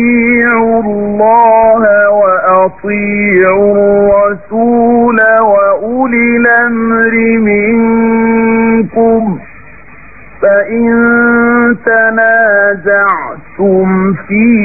أطيعوا الله وأطيعوا الرسول وأولي الأمر منكم فإن تنازعتم في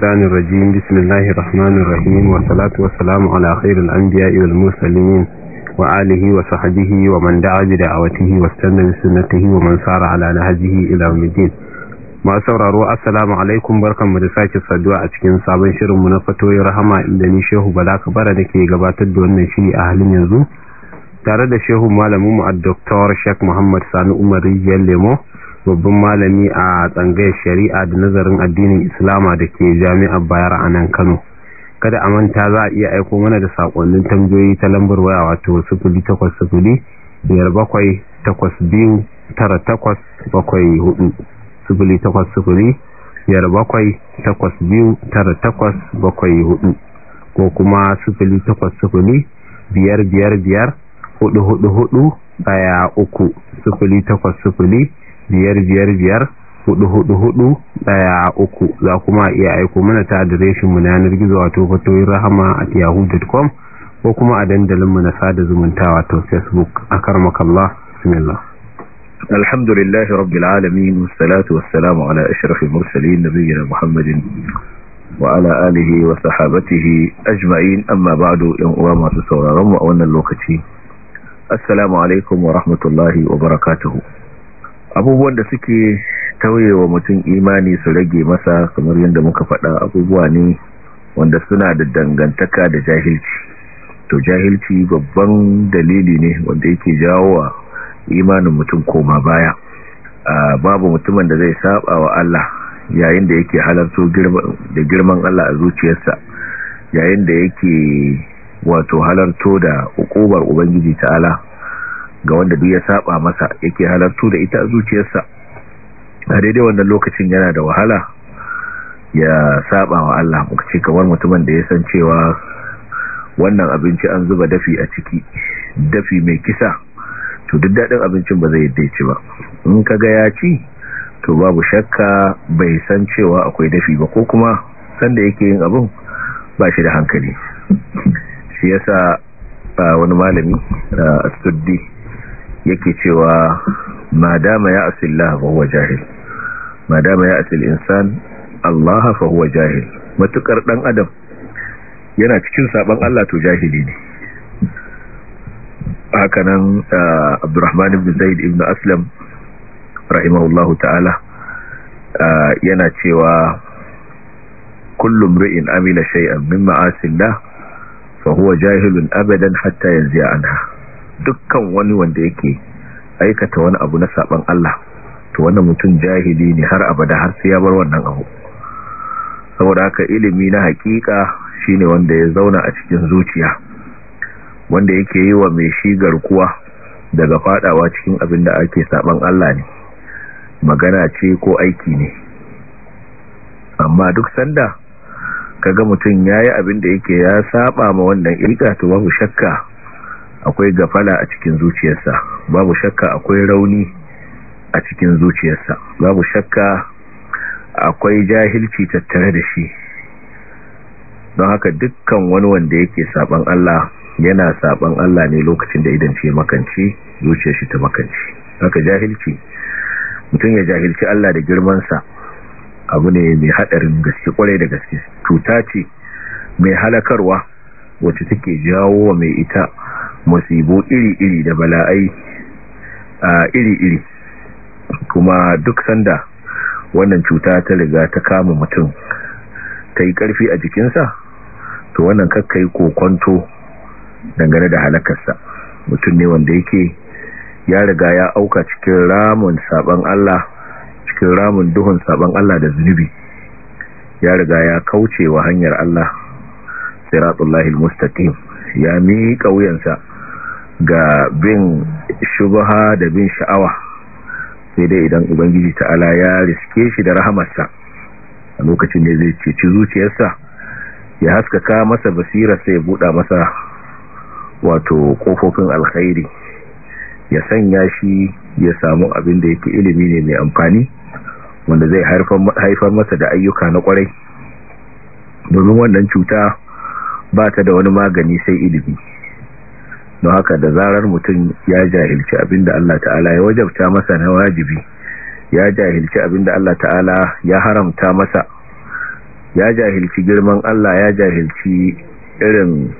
الشيطان الرجيم بسم الله الرحمن الرحيم والصلاة والسلام على خير الأنبياء والمرسلين وآله وصحبه ومن دعا بدعوته واستنى بسنته ومن سار على نهجه إلى masu sauraro assalamu alaikum barkanmu da sake saduwa a cikin sabon shirinmu na fatoyin rahama inda ni shehu bala kabara da ke gabatar da wannan shiri a halin yanzu tare da shehu malamin mu a dr sheik muhammad sani umar rijiyar lemo babban malami a tsangayar shari'a da nazarin addinin islama da ke jami'ar bayar a nan kano kada a manta za a iya aiko mana da sakonnin tambayoyi ta lambar waya wato 0800 biyar bakwai takwas biyu tara takwas bakwai hudu sufuli takwas sufuli biyar bakwai takwas biyu tara takwas bakwai hudu ko kuma sufuli takwas sufuli biyar biyar biyar hudu hudu hudu daya uku sufuli takwas sufuli biyar biyar biyar hudu hudu hudu daya uku za kuma iya aiko mana ta adireshin mu na yanar gizo wato fatoyin rahama at yahoo.com ko kuma a dandalin mu na sada zumunta wato facebook a karmakallah bismillah alhamdulillahi rabbil alamin wassalatu wassalamu ala ashrafil mursalin nabiyina muhammadin wa ala alihi wa sahabatihi ajma'in amma ba'du yan uwa masu sauraron mu a wannan lokaci assalamu alaikum wa rahmatullahi wa barakatuhu abubuwan da suke tauye wa mutum imani su rage masa kamar yadda muka faɗa abubuwa ne wanda suna da dangantaka da jahilci to jahilci babban dalili ne wanda yake jawo wa imanin mutum koma baya babu mutumin da zai saba wa Allah yayin da yake halarto da girman Allah a zuciyarsa yayin da yake wato halarto da hukumar ubangiji ta'ala ga wanda duk ya saba masa yake halartu da ita a zuciyarsa a daidai wannan lokacin yana da wahala ya saba wa Allah muka ce kamar mutumin da ya san cewa wannan abinci an zuba dafi a ciki dafi mai kisa to duk daɗin abincin ba zai yadda ba in ka ga ya ci to babu shakka bai san cewa akwai dafi ba ko kuma sanda yake yin abin ba shi da hankali shi yasa wani malami a studdi yake cewa ma dama ya asillah fa huwa jahil ma dama ya asil insan Allah fa huwa jahil matukar dan adam yana cikin saban Allah to jahili ne hakanan Abdurrahman ibn Zaid ibn Aslam rahimahullahu ta'ala yana cewa kullum ri'in amila shay'an min ma'asillah fa huwa jahilun abadan hatta ya anha dukkan wani wanda yake aikata wani abu na saban Allah to wannan mutum jahili ne har abada har sai ya bar wannan abu saboda haka ilimi na hakika shine wanda ya zauna a cikin zuciya wanda yake yi wa mai shi garkuwa daga fadawa cikin abin da ake saban Allah ne magana ce ko aiki ne amma duk sanda kaga mutum yayi abin da yake ya saba ma wannan ilka to babu shakka akwai gafala a cikin zuciyarsa babu shakka akwai rauni a cikin zuciyarsa babu shakka akwai jahilci tattare da shi don haka dukkan wani wanda yake saban Allah yana saban Allah ne lokacin da idan ce makanci zuciyar shi ta makanci haka jahilci mutum ya jahilci Allah da girmansa abu ne mai haɗarin gaske kwarai da gaske cuta ce mai halakarwa wacce take jawo wa mai ita musibu iri-iri da bala'ai a iri-iri kuma duk sanda wannan cuta ta riga ta kama mutum ta yi ƙarfi a jikinsa to wannan kakkai kokonto dangane da halakarsa mutum ne wanda yake ya riga ya auka cikin ramun saban Allah cikin ramun duhun saban Allah da zunubi ya riga ya kauce wa hanyar Allah siratullahi al-mustaqim ya miƙa wuyansa ga bin shubaha da bin sha'awa sai dai idan ubangiji ta'ala ya riske shi da rahamarsa a lokacin da zai ci zuciyarsa ya haskaka masa basira sai ya buɗa masa wato ƙofofin alkhairi ya sanya shi ya samu abin da yake ilimi ne mai amfani wanda zai haifar masa da ayyuka na kwarai domin wannan cuta ba ta da wani magani sai ilimi don haka da zarar mutum ya jahilci abinda Allah ta'ala ya wajabta masa na wajibi ya jahilci abinda Allah ta'ala ya haramta masa ya jahilci girman Allah ya jahilci irin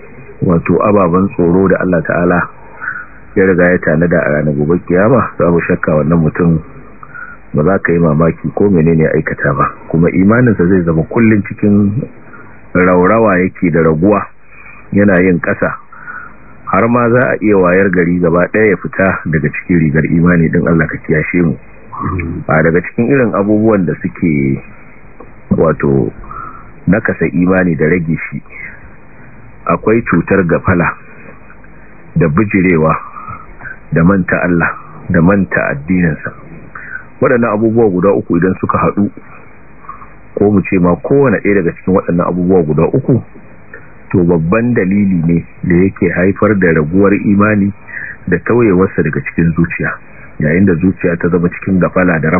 wato ababen tsoro da Allah ta'ala ya riga ya tanada a ranar gobe kiyama za mu shakka wannan mutum ba za ka yi mamaki ko menene aikata ba kuma imaninsa zai zama kullum cikin raurawa yake da raguwa yana yin ƙasa har ma za a iya wayar gari gaba ɗaya ya fita daga cikin rigar imani ɗin Allah ka kiyashe mu a daga cikin irin abubuwan da suke wato nakasa imani da rage shi akwai cutar gafala da bijirewa da manta Allah da manta addininsa waɗannan abubuwa guda uku idan suka haɗu ko mu ce ma kowane ɗaya daga cikin waɗannan abubuwa guda uku to babban dalili ne da yake haifar da raguwar imani da tauyewarsa daga cikin zuciya yayin da zuciya ta zama cikin gafala da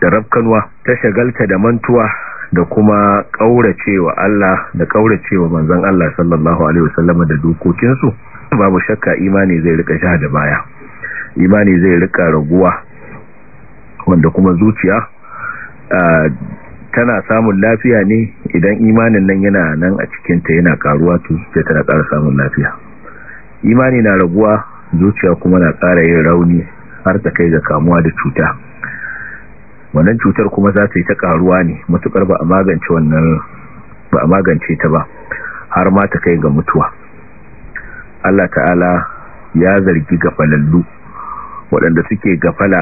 rafkanuwa ta shagalta da mantuwa da kuma ƙauracewa Allah da kauracewa manzon Allah sallallahu alaihi wasallam da dokokinsu babu shakka imani zai rika sha da baya imani zai rika raguwa wanda kuma zuciya tana samun lafiya ne idan imanin nan yana nan a cikinta yana karuwa to zuciya tana ƙara samun lafiya imani na raguwa zuciya kuma na ƙara yin rauni har ta kai ga kamuwa da cuta wannan cutar kuma za ta yi ta karuwa ne matukar ba a magance wannan ba a magance ta ba har ma ta kai ga mutuwa Allah ta'ala ya zargi gafalallu waɗanda suke gafala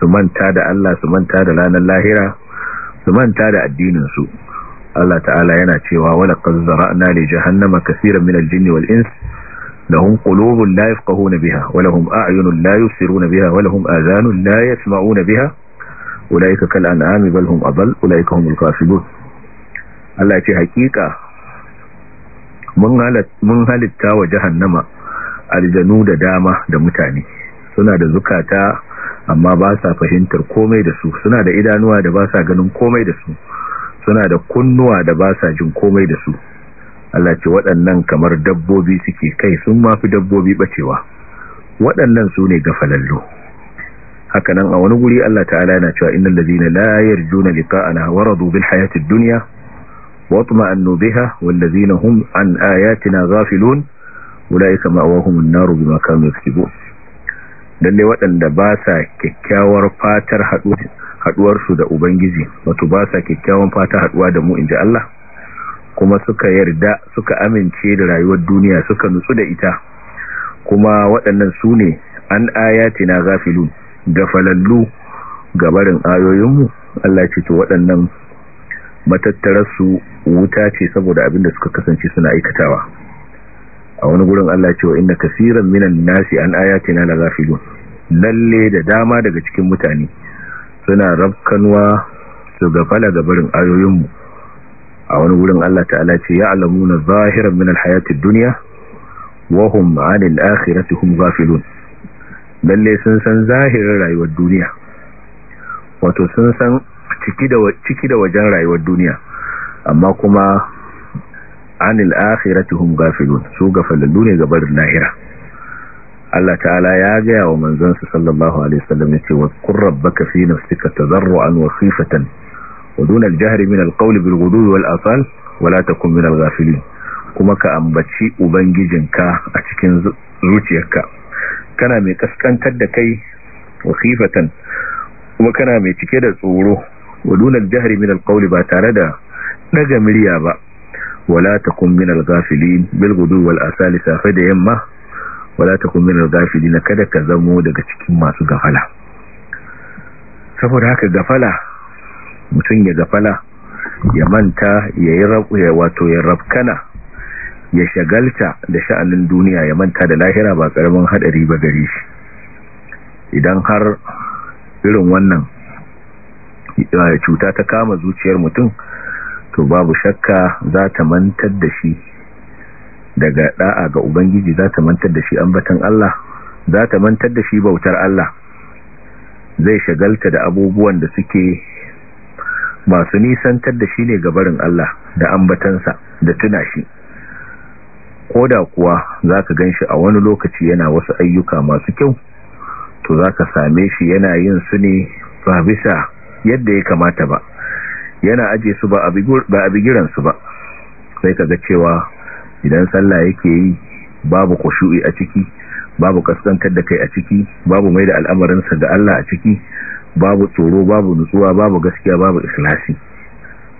su manta da Allah su manta da ranar lahira su manta da addininsu Allah ta'ala yana cewa wala na zara'na li jahannama kaseeran min al-jinni wal ins lahum qulubun la yafqahuna biha wa lahum a'yunun la yubsiruna biha wa lahum adhanun la yasma'una biha ulaika kal an'ami bal hum adall ulaika humul Allah ce hakika mun halitta wa jahannama aljanu da dama da mutane suna da zukata amma ba sa fahimtar komai da su suna da idanuwa da ba sa ganin komai da su suna da kunnuwa da ba sa jin komai da su Allah ce waɗannan kamar dabbobi suke kai sun mafi dabbobi bacewa waɗannan su ne gafalallo hakanan a wani guri Allah ta'ala yana cewa innal ladina la yarjuna liqa'ana waradu bil hayatid dunya wa atma'annu biha wal ladina hum an ayatina ghafilun ulaika ma'awahum an-nar bima kanu yaksubun lalle waɗanda ba sa kyakkyawar fatar haɗu haduwarsu da ubangiji wato ba sa kyakkyawan fata haduwa da mu inji Allah kuma suka yarda suka amince da rayuwar duniya suka nutsu da ita kuma waɗannan su ne an ayatina gafilun gafalallu gabarin ayoyinmu Allah ce to waɗannan matattararsu wuta ce saboda abin da suka kasance suna aikatawa a wani gurin Allah ce wa inna kasiran minan nasi an ayatina la gafilun lalle da dama daga cikin mutane suna rafkanwa su gafala ga barin ayoyinmu a wani wurin Allah ta'ala ce ya alamuna zahiran min alhayatid duniya, wa hum 'anil akhirati hum gafilun, lalle sun san zahirin rayuwar duniya wato sun san ciki da wajen rayuwar duniya amma kuma 'anil akhirati hum gafilun su gafalallu ne ga barin lahira Allah ta'ala ya gaya wa manzansa sallallahu alaihi wasallam yace wa qur rabbaka fi nafsika tadarruan wa khifatan wa dun al-jahri min al-qawli bil ghudwi wal asal wa la takun min al-ghafilin kuma ka ambaci ubangijinka a cikin zuciyarka kana mai kaskantar da kai wa khifatan kuma kana mai cike da tsoro wa dun al-jahri min al ba tare da daga murya ba wala takun min al-ghafilin bil ghudwi wal asal safa da yamma wala takun minal dina kada ka zamo daga cikin masu gafala saboda haka gafala mutum ya gafala ya manta ya yi rabuwa wato ya rabkana ya shagalta da sha'anin duniya ya manta da lahira ba karamin hadari ba gare shi idan har irin wannan eh, cuta ta kama zuciyar mutum to babu shakka za ta mantar da shi daga da'a ga ubangiji za ta mantar da shi ambatan Allah za ta mantar da shi bautar Allah zai shagalta da abubuwan da suke masu nisantar da shi ne gabarin Allah da ambatansa da tuna shi ko da kuwa za ka gan shi a wani lokaci yana wasu ayyuka masu kyau to za ka same shi yana yin su ne ba bisa yadda ya kamata ba yana aje su ba a bigiransu ba sai ka ga cewa idan sallah yake yi babu kushu'i a ciki babu kaskantar da kai a ciki babu mai da al'amarinsa ga Allah a ciki babu tsoro babu nutsuwa babu gaskiya babu ikhlasi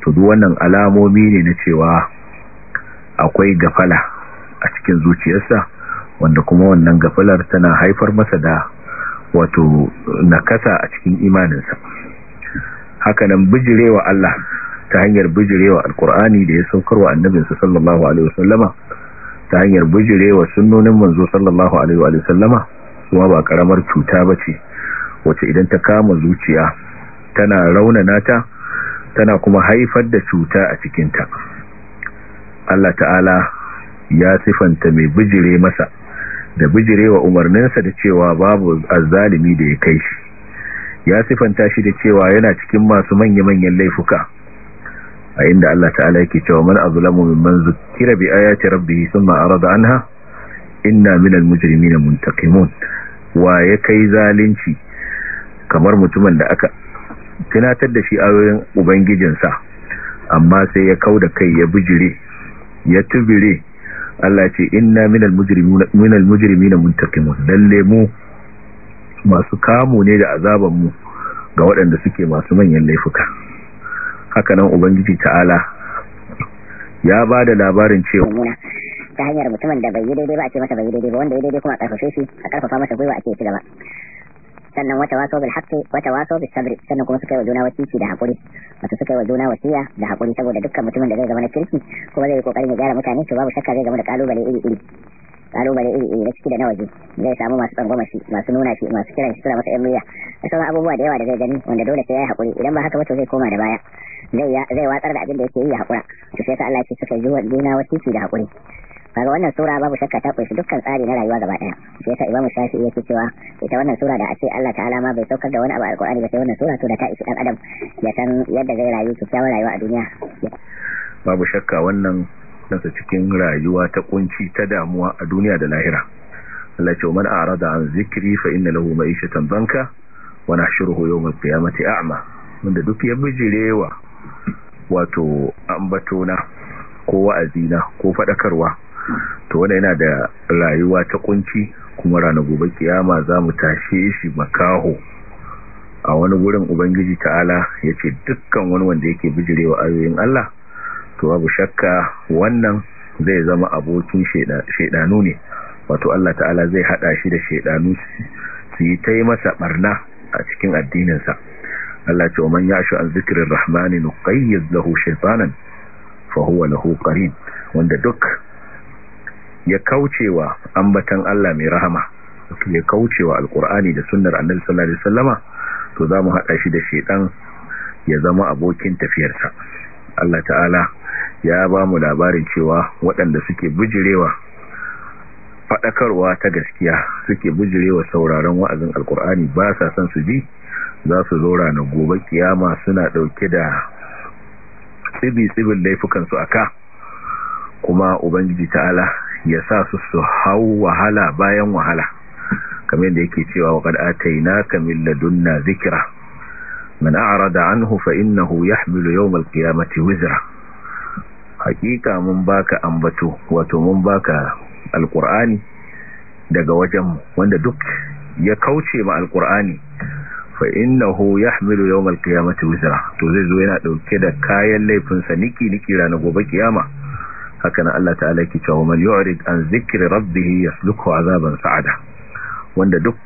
to duk wannan alamomi ne na cewa akwai gafala a cikin zuciyarsa wanda kuma wannan gafalar tana haifar masa da wato nakasa a cikin imaninsa hakanan bijirewa Allah ta hanyar bijirewa alkur'ani da ya saukar wa annabinsa sallallahu alaihi wasallama ta hanyar bijirewa sunnonin manzo sallallahu alaihi wasallama kuma ba karamar cuta bace wacce idan ta kama zuciya tana raunana ta tana kuma haifar da cuta a cikin ta Allah ta'ala ya sifanta mai bijire masa da bijirewa umarninsa da cewa babu azzalimi da ya kai shi ya sifanta shi da cewa yana cikin masu manya-manyan laifuka a inda Allah ta'ala yake cewa man azlamu mimman zukira bi ayati rabbih thumma arada anha inna minal mujrimin muntaqimun wa ya kai zalunci kamar mutumin da aka tunatar da shi ayoyin ubangijinsa amma sai ya kauda kai ya bijire ya tubire Allah ce inna minal mujrimina minal mujrimin muntaqimun lalle mu masu kamu ne da azaban mu ga waɗanda suke masu manyan laifuka Haka nan ubangiji ta'ala ya ba da labarin cewa ta hanyar mutumin da bai yi daidai ba a ce masa bai yi daidai ba wanda ya daidai kuma a karfafe shi a ƙarfafa masa gwiwa a ce ci gaba sannan wata waso bil haqqi wata waso bis sabri sannan kuma suka yi wa juna wasiyi da hakuri wato suka yi wa juna wasiya da hakuri saboda dukkan mutumin da zai zama na kirki kuma zai yi kokarin ya gyara mutane to babu shakka zai zama da kalubale iri iri kalubale iri iri na ciki da na waje zai samu masu tsangwama shi masu nuna shi masu kiran shi suna masa yan murya da sauran abubuwa da yawa da zai gani wanda dole sai ya yi haƙuri idan ba haka ba to zai koma da baya zai watsar da abin da yake yi ya haƙura to sai Allah ce suka yi wa juna wasiki da haƙuri kaga wannan sura babu shakka ta kunshi dukkan tsari na rayuwa gaba daya sai yasa imamu Shafi yake cewa ita wannan sura da a ce Allah ta'ala ma bai saukar da wani abu alqur'ani ba sai wannan sura to da ta ishi dan adam ya san yadda zai rayu kyakkyawar rayuwa a duniya babu shakka wannan Nasa cikin rayuwa ta kunci ta damuwa a duniya da lahira Allah ce man arada an zikri fa inna lahu ma'ishatan banka wa nahshuruhu yawm al-qiyamati a'ma wanda duk ya bijirewa wato ambatona ko wa'azina ko fadakarwa to wanda yana da rayuwa ta kunci kuma ranar gobe kiyama za mu tashe shi makaho a wani gurin ubangiji ta'ala yace ce dukkan wani wanda yake bijirewa ayoyin Allah to abu shakka wannan zai zama abokin shaidanu ne wato Allah ta'ala zai hada shi da shaidanu su yi ta yi masa barna a cikin addininsa Allah ce wa man yashu an zikirin rahmani nuqayyiz lahu shaytanan fa huwa lahu qarin wanda duk ya kaucewa ambatan Allah mai rahama ya kaucewa alqur'ani da sunnar annabi sallallahu alaihi wasallama to zamu hada shi da shaidan ya zama abokin tafiyarsa Allah ta'ala ya ba mu labarin cewa waɗanda suke bujirewa faɗakarwa ta gaskiya suke bujirewa sauraron wa'azin alkur'ani ba sa son su ji za su zo na gobe kiyama suna ɗauke da tsibi-tsibin laifukansu a ka kuma ubangiji ta'ala ya sa su su hau wahala bayan wahala kamar da yake cewa ta yi na kamilla ladunna zikira. man a'rada anhu fa innahu yahmilu yawm al-qiyamati wizra hakika mun baka ambato wato mun baka daga wajen wanda duk ya kauce ma alƙur'ani fa innahu yahmilu yawm al wizra to zai zo yana dauke da kayan laifin sa niki niki ranar gobe kiyama haka nan Allah ta'ala yake cewa man yu'rid an zikri rabbih yasluku azaban sa'ada wanda duk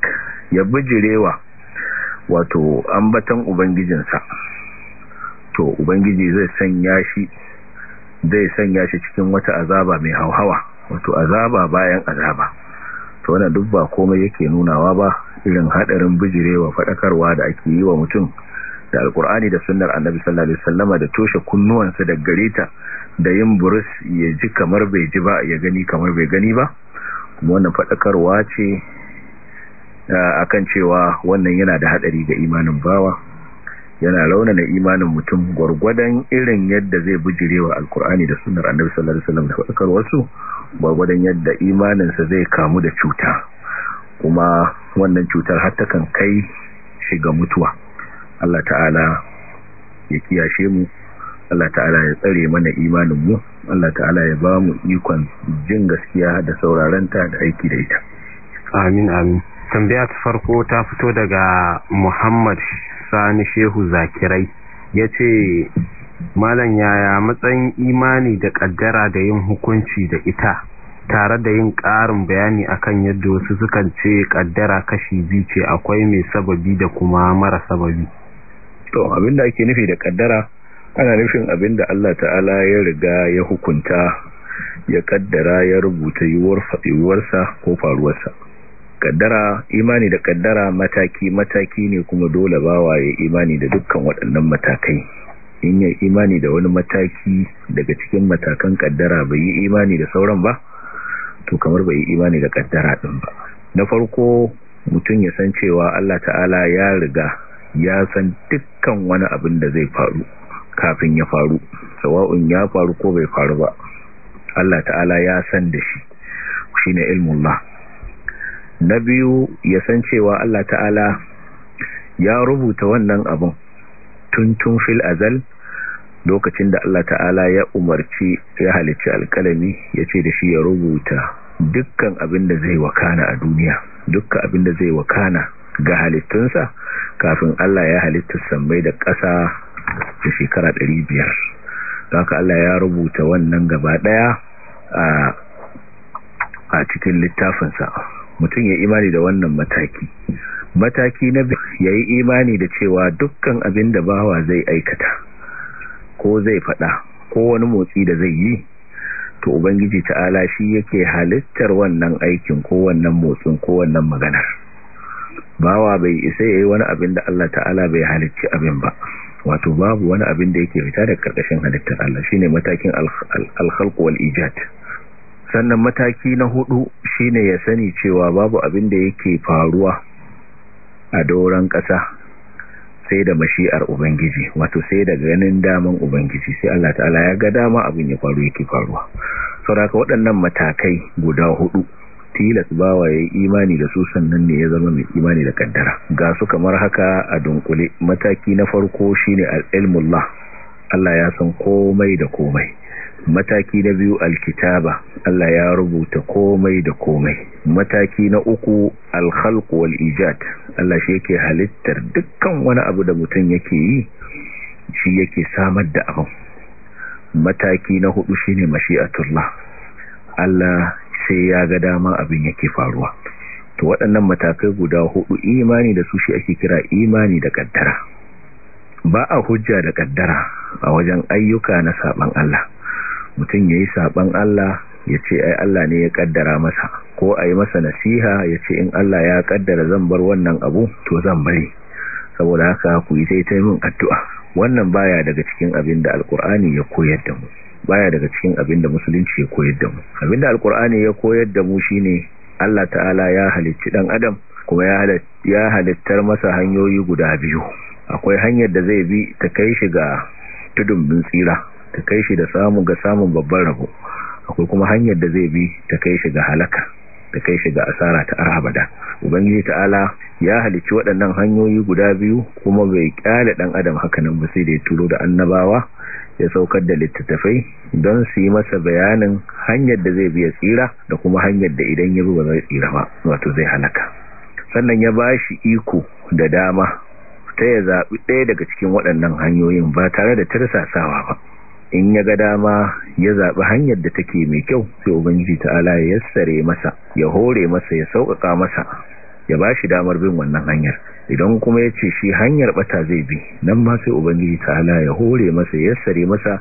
ya bijirewa wato ambatan ubangijinsa to ubangiji zai sanya shi zai sanya shi cikin wata azaba mai hauhawa wato azaba bayan azaba to wannan duk ba komai yake nunawa ba irin hadarin bijirewa fadakarwa da ake yi wa mutum da alkur'ani da sunnar annabi sallallahu alaihi wasallama da toshe kunnuwansa da gareta da yin burus ya ji kamar bai ji ba ya gani kamar bai gani ba kuma wannan fadakarwa ce akan cewa wannan yana da hadari ga imanin bawa yana na imanin mutum gwargwadon irin yadda zai bujirewa alkur'ani da sunar annabi sallallahu alaihi wasallam da fakarwarsu gwargwadon yadda imaninsa zai kamu da cuta kuma wannan cutar har ta kan kai shiga mutuwa Allah ta'ala ya kiyashe mu Allah ta'ala ya tsare mana imanin mu Allah ta'ala ya ba mu ikon jin gaskiya da sauraron ta da aiki da ita amin amin tambaya ta farko ta fito daga muhammad sani shehu zakirai ya ce malam yaya matsayin imani da kaddara da yin hukunci da ita tare da yin karin bayani akan yadda wasu sukan ce kaddara kashi biyu ce akwai mai sababi da kuma mara sababi to abinda ake nufi da kaddara ana nufin abinda Allah ta'ala ya riga ya hukunta ya kaddara ya rubuta yiwuwar faɗiwarsa ko faruwarsa kaddara imani da kaddara mataki mataki ne kuma dole bawa ya imani da dukkan waɗannan matakai in ya imani da wani mataki daga cikin matakan kaddara bai yi imani da sauran ba to kamar bai yi imani da kaddara ɗin ba na farko mutum ya san cewa Allah ta'ala ya riga ya san dukkan wani abin da zai faru kafin ya faru sawa'un ya faru ko bai faru ba Allah ta'ala ya san da shi shi shine ilmullah na biyu ya san cewa Allah ta'ala ya rubuta wannan abun tuntun fil azal lokacin da Allah ta'ala ya umarci ya halicci alkalami ya ce da shi ya rubuta dukkan abin da zai wakana a duniya dukkan abin da zai wakana ga halittunsa kafin Allah ya halitta sammai da ƙasa da shekara 500 haka Allah ya rubuta wannan gaba ɗaya a cikin littafinsa mutum ya imani da wannan mataki mataki na ya yi imani da cewa dukkan abin da bawa zai aikata ko zai fada ko wani motsi da zai yi to ubangiji ta'ala shi yake halittar wannan aikin ko wannan motsin ko wannan maganar bawa bai isa yi wani abin da Allah ta'ala bai halicci abin ba wato babu wani abin da yake fita da karkashin halittar Allah Shi ne matakin al ijad sannan mataki na hudu shine ya sani cewa babu abin da yake faruwa a doron ƙasa sai da mashi'ar ubangiji wato sai da ganin daman ubangiji sai Allah ta'ala ya ga dama abin ya faru yake faruwa sauraka waɗannan matakai guda hudu tilas bawa ya yi imani da su sannan ne ya zama mai imani da kaddara ga su kamar haka a dunkule mataki na farko shine al'ilmullah Allah ya san komai da komai mataki na biyu alkitaba Allah ya rubuta komai da komai mataki na uku alkhalq wal ijad Allah shi yake halittar dukkan wani abu da mutum yake yi shi yake samar da abu mataki na hudu shine mashi'atullah Allah sai ya ga dama abin yake faruwa to waɗannan matakai guda hudu imani da su shi ake kira imani da kaddara ba a hujja da kaddara a wajen ayyuka na saban Allah mutum ya yi saɓan Allah ya ce ai Allah ne ya ƙaddara masa ko a yi masa nasiha ya ce in Allah ya ƙaddara zan bar wannan abu to zan bari saboda haka ku yi ta min addu'a wannan baya daga cikin abin da alkur'ani ya koyar da mu baya daga cikin abin da musulunci ya koyar da mu abin da alkur'ani ya koyar da mu shine Allah ta'ala ya halicci ɗan adam kuma ya halittar masa hanyoyi guda biyu akwai hanyar da zai bi ta kai shi ga tudun bin tsira ta kai shi da samun ga samun babban rabo akwai kuma hanyar da zai bi ta kai shi ga halaka ta kai shi ga asara ta arhabada ubangiji ta'ala ya halicci waɗannan hanyoyi guda biyu kuma bai kyale dan adam hakanan ba sai da ya turo da annabawa ya saukar da littattafai don su yi masa bayanin hanyar da zai biya tsira da kuma hanyar da idan ya ba zai tsira ba wato zai halaka sannan ya ba shi iko da dama ta ya zaɓi ɗaya daga cikin waɗannan hanyoyin ba tare da tirsasawa ba in ya ga dama ya zaɓi hanyar da take mai kyau sai ubangiji ta'ala ya yassare masa ya hore masa ya sauƙaƙa masa ya ba shi damar bin wannan hanyar idan kuma ya ce shi hanyar ɓata zai bi nan ma sai ubangiji ta'ala ya hore masa ya yassare masa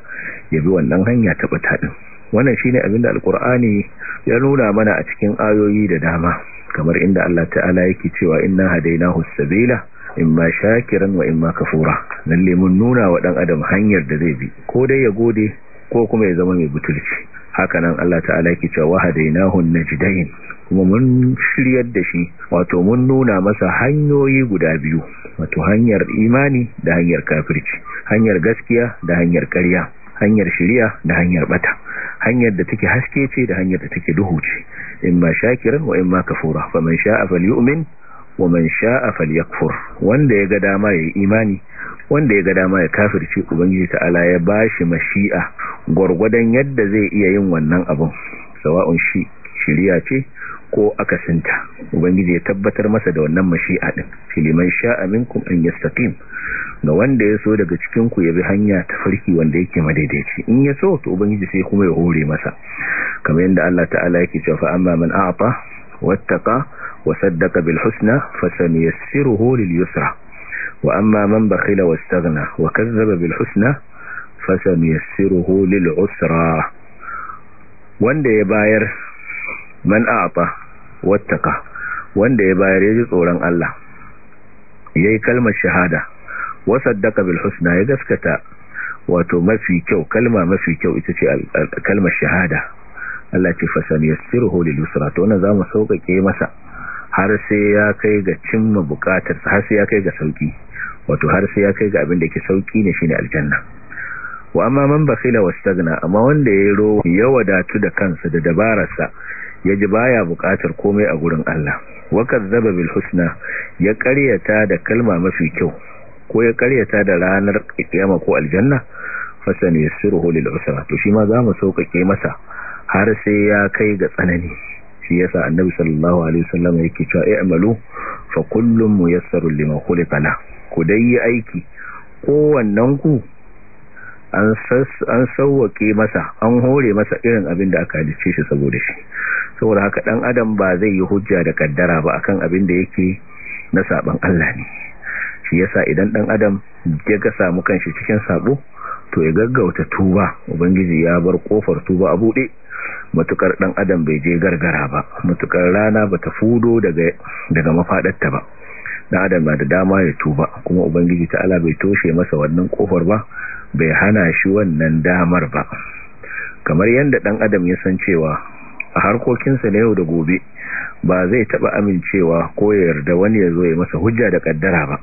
ya bi wannan hanya ta ɓata ɗin wannan shi ne abin da Alƙur'ani ya nuna mana a cikin ayoyi da dama kamar inda Allah ta'ala yake cewa inna hadainahu sabila imma shakiran wa imma kafura nan lemun nuna wa dan adam hanyar da zai bi ko dai ya gode ko kuma ya zama mai butulci nan Allah ta'ala yake cewa wahadainahu najdain kuma mun shiryar da shi wato mun nuna masa hanyoyi guda biyu wato hanyar imani da hanyar kafirci hanyar gaskiya da hanyar ƙarya hanyar shiriya da hanyar bata hanyar da take haske ce da hanyar da take duhu ce in ma shakiran wa ma kafura faman sha'a falyu'min wa man sha'a falyakfur wanda ya ga dama ya yi imani wanda ya ga dama ya kafirci ubangiji ta'ala ya bashi mashi'a gwargwadon yadda zai iya yin wannan abun sawa'un shi shiriya ce ko akasinta ubangiji ya tabbatar masa da wannan mashi'a din liman sha'a minkum an yastaqim ga wanda ya so daga cikin ku ya bi hanya ta farki wanda yake madaidaici in ya so to ubangiji sai kuma ya hore masa kamar yadda Allah ta'ala yake cewa amma man a'ta واتقى وصدق بالحسنى فسنيسره لليسرى وأما من بخل واستغنى وكذب بالحسنى فسنيسره للعسرى وانده باير من أعطى واتقى وانده باير يجي طولا الله يهي كلمة الشهادة وصدق بالحسنى يدفكتا وتو وتمثي كو كلمة ما في كو كلمة الشهادة Allah ce fasani yassiruhu lil yusra to wannan zamu sauƙaƙe masa har sai ya kai ga cimma sa. har sai ya kai ga sauki wato har sai ya kai ga abin da ke sauki ne shine aljanna wa amma man bakhila wastagna amma wanda ya ro ya wadatu da kansa da dabararsa ji baya bukatar komai a gurin Allah wa kadzaba bil husna ya ƙaryata da kalma mafi kyau ko ya ƙaryata da ranar kiyama ko aljanna Fasani yassiruhu lil usra to shi ma zamu sauƙaƙe masa har sai ya kai ga tsanani shi yasa annabi sallallahu alaihi wasallam yake cewa amalu fa kullum muyassarun lima khuliqa la ku dai yi aiki kowannen ku an sauke masa an hore masa irin abin da aka halice shi saboda shi saboda haka dan adam ba zai yi hujja da kaddara ba akan abin da yake na saban Allah ne shi yasa idan dan adam ya ga samu kanshi cikin sabo to ya gaggauta tuba ubangiji ya bar kofar tuba a bude matukar dan adam bai je gargara ba matukar rana bata fudo daga daga mafadarta ba dan adam na da dama ya tuba kuma ubangiji ta ala bai toshe masa wannan kofar ba bai hana shi wannan damar ba kamar yadda dan adam ya san cewa a harkokinsa na yau da gobe ba zai taba amincewa ko ya yarda wani ya zo ya masa hujja da kaddara ba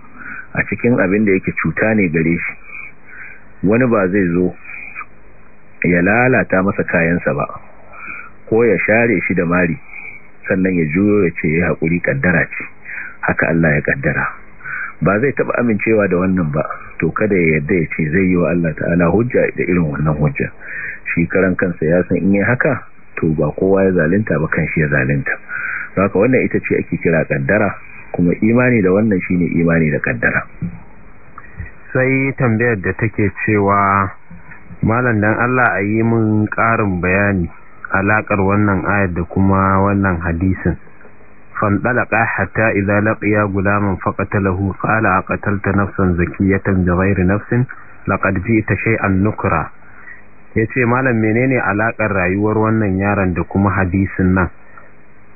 a cikin abin da yake cuta ne gare shi wani ba zai zo ya lalata masa kayansa ba ko ya share shi da mari sannan ya juyo ya ce ya haƙuri ƙaddara ce haka Allah ya ƙaddara ba zai taɓa amincewa da wannan ba to kada ya yadda ya ce zai yi wa Allah ta'ala hujja da irin wannan hujja shi karan kansa ya san in yi haka to ba kowa ya zalunta ba kan shi ya zalunta haka wannan ita ce ake kira ƙaddara kuma imani da wannan shine imani da ƙaddara. sai tambayar da take cewa malam dan Allah a yi min ƙarin bayani alaƙar wannan ayar da kuma wannan hadisin فانطلقا حتى إذا لقيا غلاما فقتله قال أقتلت نفسا زكية بغير ta shai an nukura. ya yace malam menene alaƙar rayuwar wannan yaron da kuma hadisin nan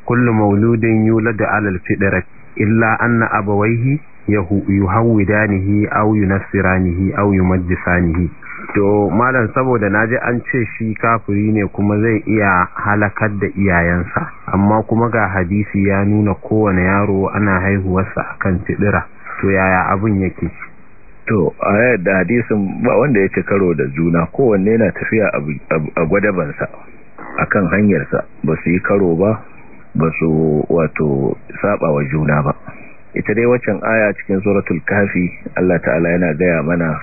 kullu mauludin yuladu alal fidrat illa anna abawayhi yuhawidanihi aw yunassiranihi aw yumajjisanihi to malam saboda naji an ce shi kafiri ne kuma zai iya halakar da iyayensa amma kuma ga hadisi ya nuna kowane yaro ana haihuwarsa akan tidira to yaya abin yake to a yadda hadisin ba wanda ya ci karo da juna kowanne na tafiya a gwadabansa akan hanyarsa ba su yi karo ba ba su wato saba wa juna ba ita dai waccan aya cikin suratul kafi Allah ta'ala yana gaya mana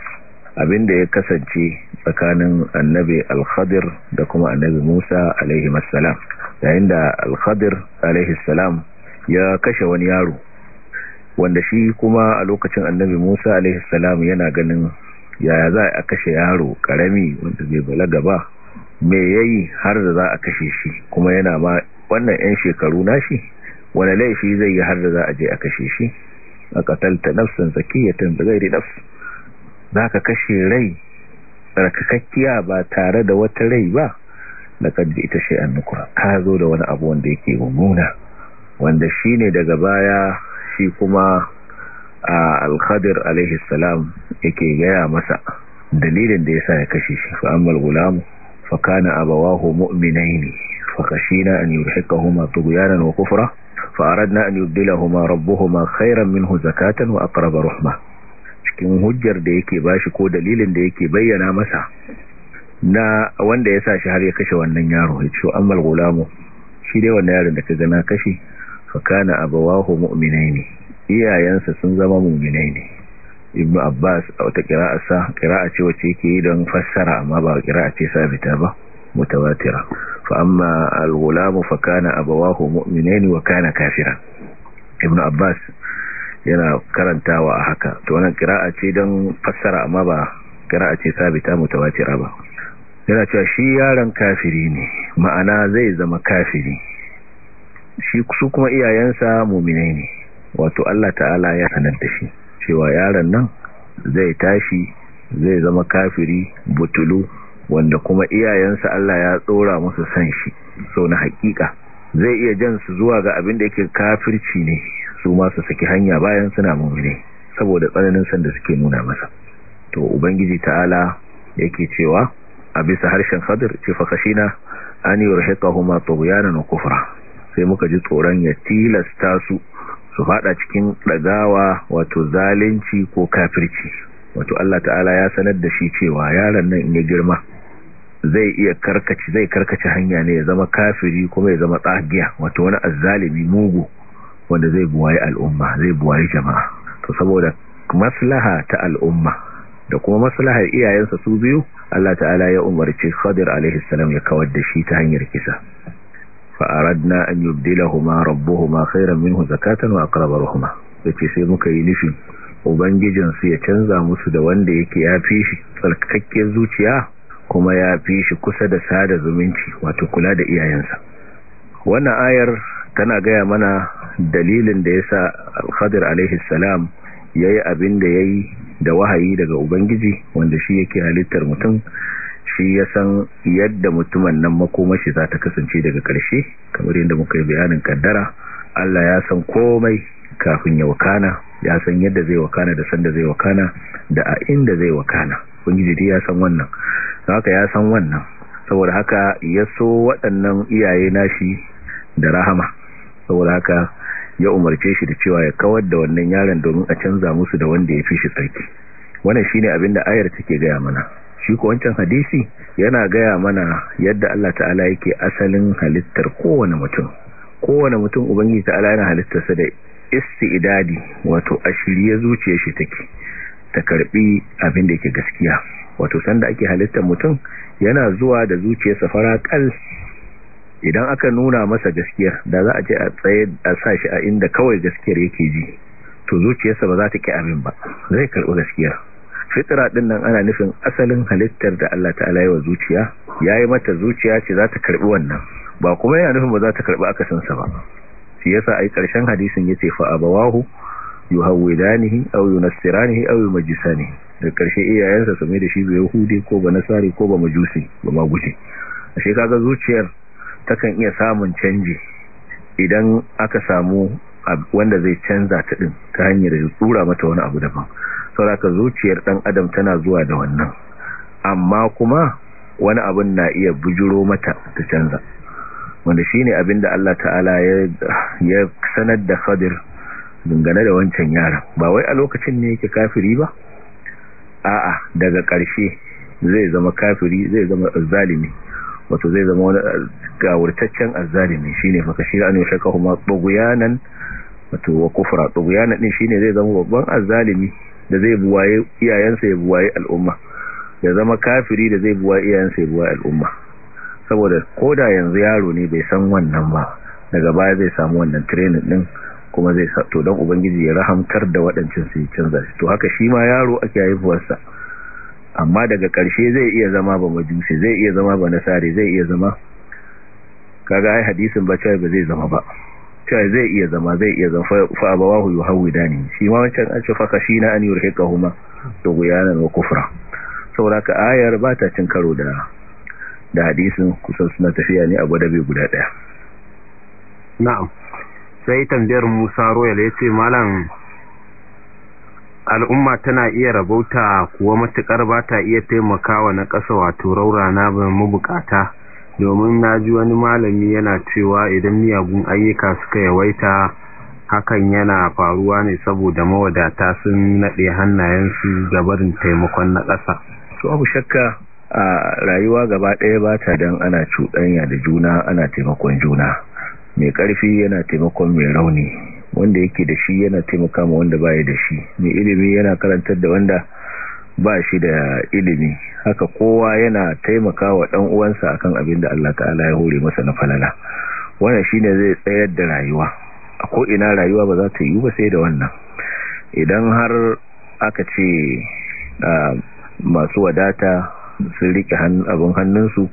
abinda ya kasance tsakanin annabi al-khadir da kuma annabi musa alaihi masalam yayin da al-khadir alaihi salam ya kashe wani yaro wanda shi kuma a lokacin annabi musa alaihi salam yana ganin yaya za a kashe yaro karami wanda bai balaga ba me yayi har da za a kashe shi kuma yana ma wannan yan shekaru nashi wani laifi zai yi har da za a je a kashe shi a katalta nafsan zakiyatan zai ghairi nafs za ka kashe rai rakakakkiya ba tare da wata rai ba da kaddi ita shi an nukura ka zo da wani abu wanda yake mummuna wanda shi ne daga baya shi kuma a alkhadir alaihissalam yake gaya masa dalilin da ya sa ya kashe shi fa'ammal gulamu fa kana abawahu mu'minai ne fa kashina an yurhiqahuma tughyanan wa kufra fa aradna an yubdilahuma rabbuhuma khairan minhu zakatan wa aqraba rahmah cikin hujjar da yake bashi ko dalilin da yake bayyana masa na wanda ya sa shi har ya kashe wannan yaro ya ce ammal gulamu shi dai wannan yaron da ka gana kashe fa kana abawahu mu'minaini iyayensa sun zama mu'minai ne ibn abbas a wata qira'arsa qira'a ce wacce yake yi don fassara amma ba qira'a ce sabita ba mutawatira fa amma al-gulamu fa kana abawahu mu'minaini wa kana kafira ibn abbas yana karantawa a haka to wannan kira'a ce don fassara amma ba kira'a ce sabita mutawatira ba yana cewa shi yaron kafiri ne ma'ana zai zama kafiri shi su kuma iyayensa muminai ne wato Allah ta'ala ya sananta shi cewa yaron nan zai tashi zai zama kafiri butulu wanda kuma iyayensa Allah ya tsora musu san shi sau na hakika zai iya jan su zuwa ga abin da yake kafirci ne su ma su saki hanya bayan suna mummune saboda tsananin san da suke nuna masa to ubangiji ta'ala yake cewa a bisa harshen khadir ce fa kashina an yurhiqahuma tughyanan wa kufra sai muka ji tsoron ya tilasta su su fada cikin dagawa wato zalunci ko kafirci wato Allah ta'ala ya sanar da shi cewa yaron nan in ya girma zai iya karkace zai karkace hanya ne ya zama kafiri kuma ya zama tsagiya wato wani azzalimi mugu wanda zai buwaye al'umma zai buwaye jama'a to saboda maslaha ta al'umma da kuma maslahar iyayensa su biyu Allah ta'ala ya umarci Khadir alaihi salam ya kawar da shi ta hanyar kisa fa aradna an yubdilahuma rabbuhuma khayran minhu zakatan wa aqrab rahma yace sai muka yi nufin ubangijin su ya canza musu da wanda yake yafi shi tsarkakken zuciya kuma yafi shi kusa da sada zumunci wato kula da iyayensa wannan ayar tana gaya mana dalilin da ya sa alkhadir alaihissalam ya yi abin da ya yi da wahayi daga ubangiji wanda shi yake halittar mutum shi ya san yadda mutumin nan makomashi za ta kasance daga ƙarshe kamar yadda muka yi bayanin kaddara allah ya san komai kafin ya wakana ya san yadda zai wakana da sanda zai wakana da a inda zai wakana ubangiji ya san wannan haka ya san wannan saboda haka ya so waɗannan iyaye nashi da rahama saboda haka ya umarce shi da cewa ya kawar da wannan yaron domin a canza musu da wanda ya fi shi tsarki wannan shine abin da ayar take gaya mana shi ko wancan hadisi yana gaya mana yadda Allah ta'ala yake asalin halittar kowane mutum kowane mutum ubangiji ta'ala yana halittarsa da isti'dadi wato a shirye zuciyar shi take ta karbi abin da yake gaskiya wato sanda ake halittar mutum yana zuwa da zuciyarsa fara kal idan aka nuna masa gaskiyar da za a ce a tsaye a sa shi a inda kawai gaskiyar yake ji to zuciyarsa ba za ta ki abin ba zai karɓi gaskiyar Fitira ɗin nan ana nufin asalin halittar da Allah ta'ala yi wa zuciya yi mata zuciya ce za ta karɓi wannan ba kuma yana nufin ba za ta karɓi akasinsa ba shi yasa yi ƙarshen hadisin ce fa abawahu yuhawwidanihi aw yunassiranihi aw majisani da ƙarshe iyayensa su mai da shi ba yahudi ko ba nasari ko ba majusi ba ma guje ashe kaga zuciyar takan iya samun canji idan aka samu wanda zai canza ta din ta hanyar tsura mata wani abu daban sauraka zuciyar dan adam tana zuwa da wannan amma kuma wani abin na iya bujuro mata ta canza wanda shine abin da Allah ta'ala ya sanar da Khadir dangane da wancan yaran ba wai a lokacin ne yake kafiri ba a'a daga ƙarshe zai zama kafiri zai zama zalimi wato zai zama wani gawurtaccen azzalimi shine fa kashi an shaka kuma bughyanan wato wa kufra bughyanan din shine zai zama babban azzalimi da zai buwaye iyayensa ya buwaye al'umma ya zama kafiri da zai buwaye iyayensa ya buwaye al'umma saboda koda yanzu yaro ne bai san wannan ba daga baya zai samu wannan training din kuma zai to dan ubangiji ya rahamtar da waɗancan su canza to haka shi ma yaro ake haifuwarsa amma daga ƙarshe zai iya zama ba majusi zai iya zama ba nasari zai iya zama kaga ai hadisin ba cewa ba zai zama ba cewa zai iya zama zai iya zama fa hu yuhawidani shi ma wancan an ce faka shi na an huma to guyanan wa kufra saboda ka ayar ba ta cin karo da da hadisin kusan suna tafiya ne a gwada bai guda daya na'am sai tambayar Musa Royal ce malam al'umma tana iya rabauta kuwa matukar ba ta iya taimakawa na ƙasa wato raurana ba mabukata domin na ji wani malami yana cewa idan miyagun ayyuka suka yawaita hakan yana faruwa ne saboda mawadata sun naɗe hannayensu gabarin taimakon na ƙasa su abu shakka a rayuwa gaba ɗaya ba ta don ana cuɗanya da juna ana taimakon juna mai ƙarfi yana taimakon mai rauni wanda yake da shi yana taimaka ma wanda baya da shi mai ilimi yana karantar da wanda ba shi da ilimi haka kowa yana taimaka wa ɗan uwansa akan abin da Allah ta'ala ya hore masa na falala wannan shine zai tsayar da rayuwa a ko ina rayuwa ba za ta yi ba sai da wannan idan har aka ce masu wadata sun rike abin hannunsu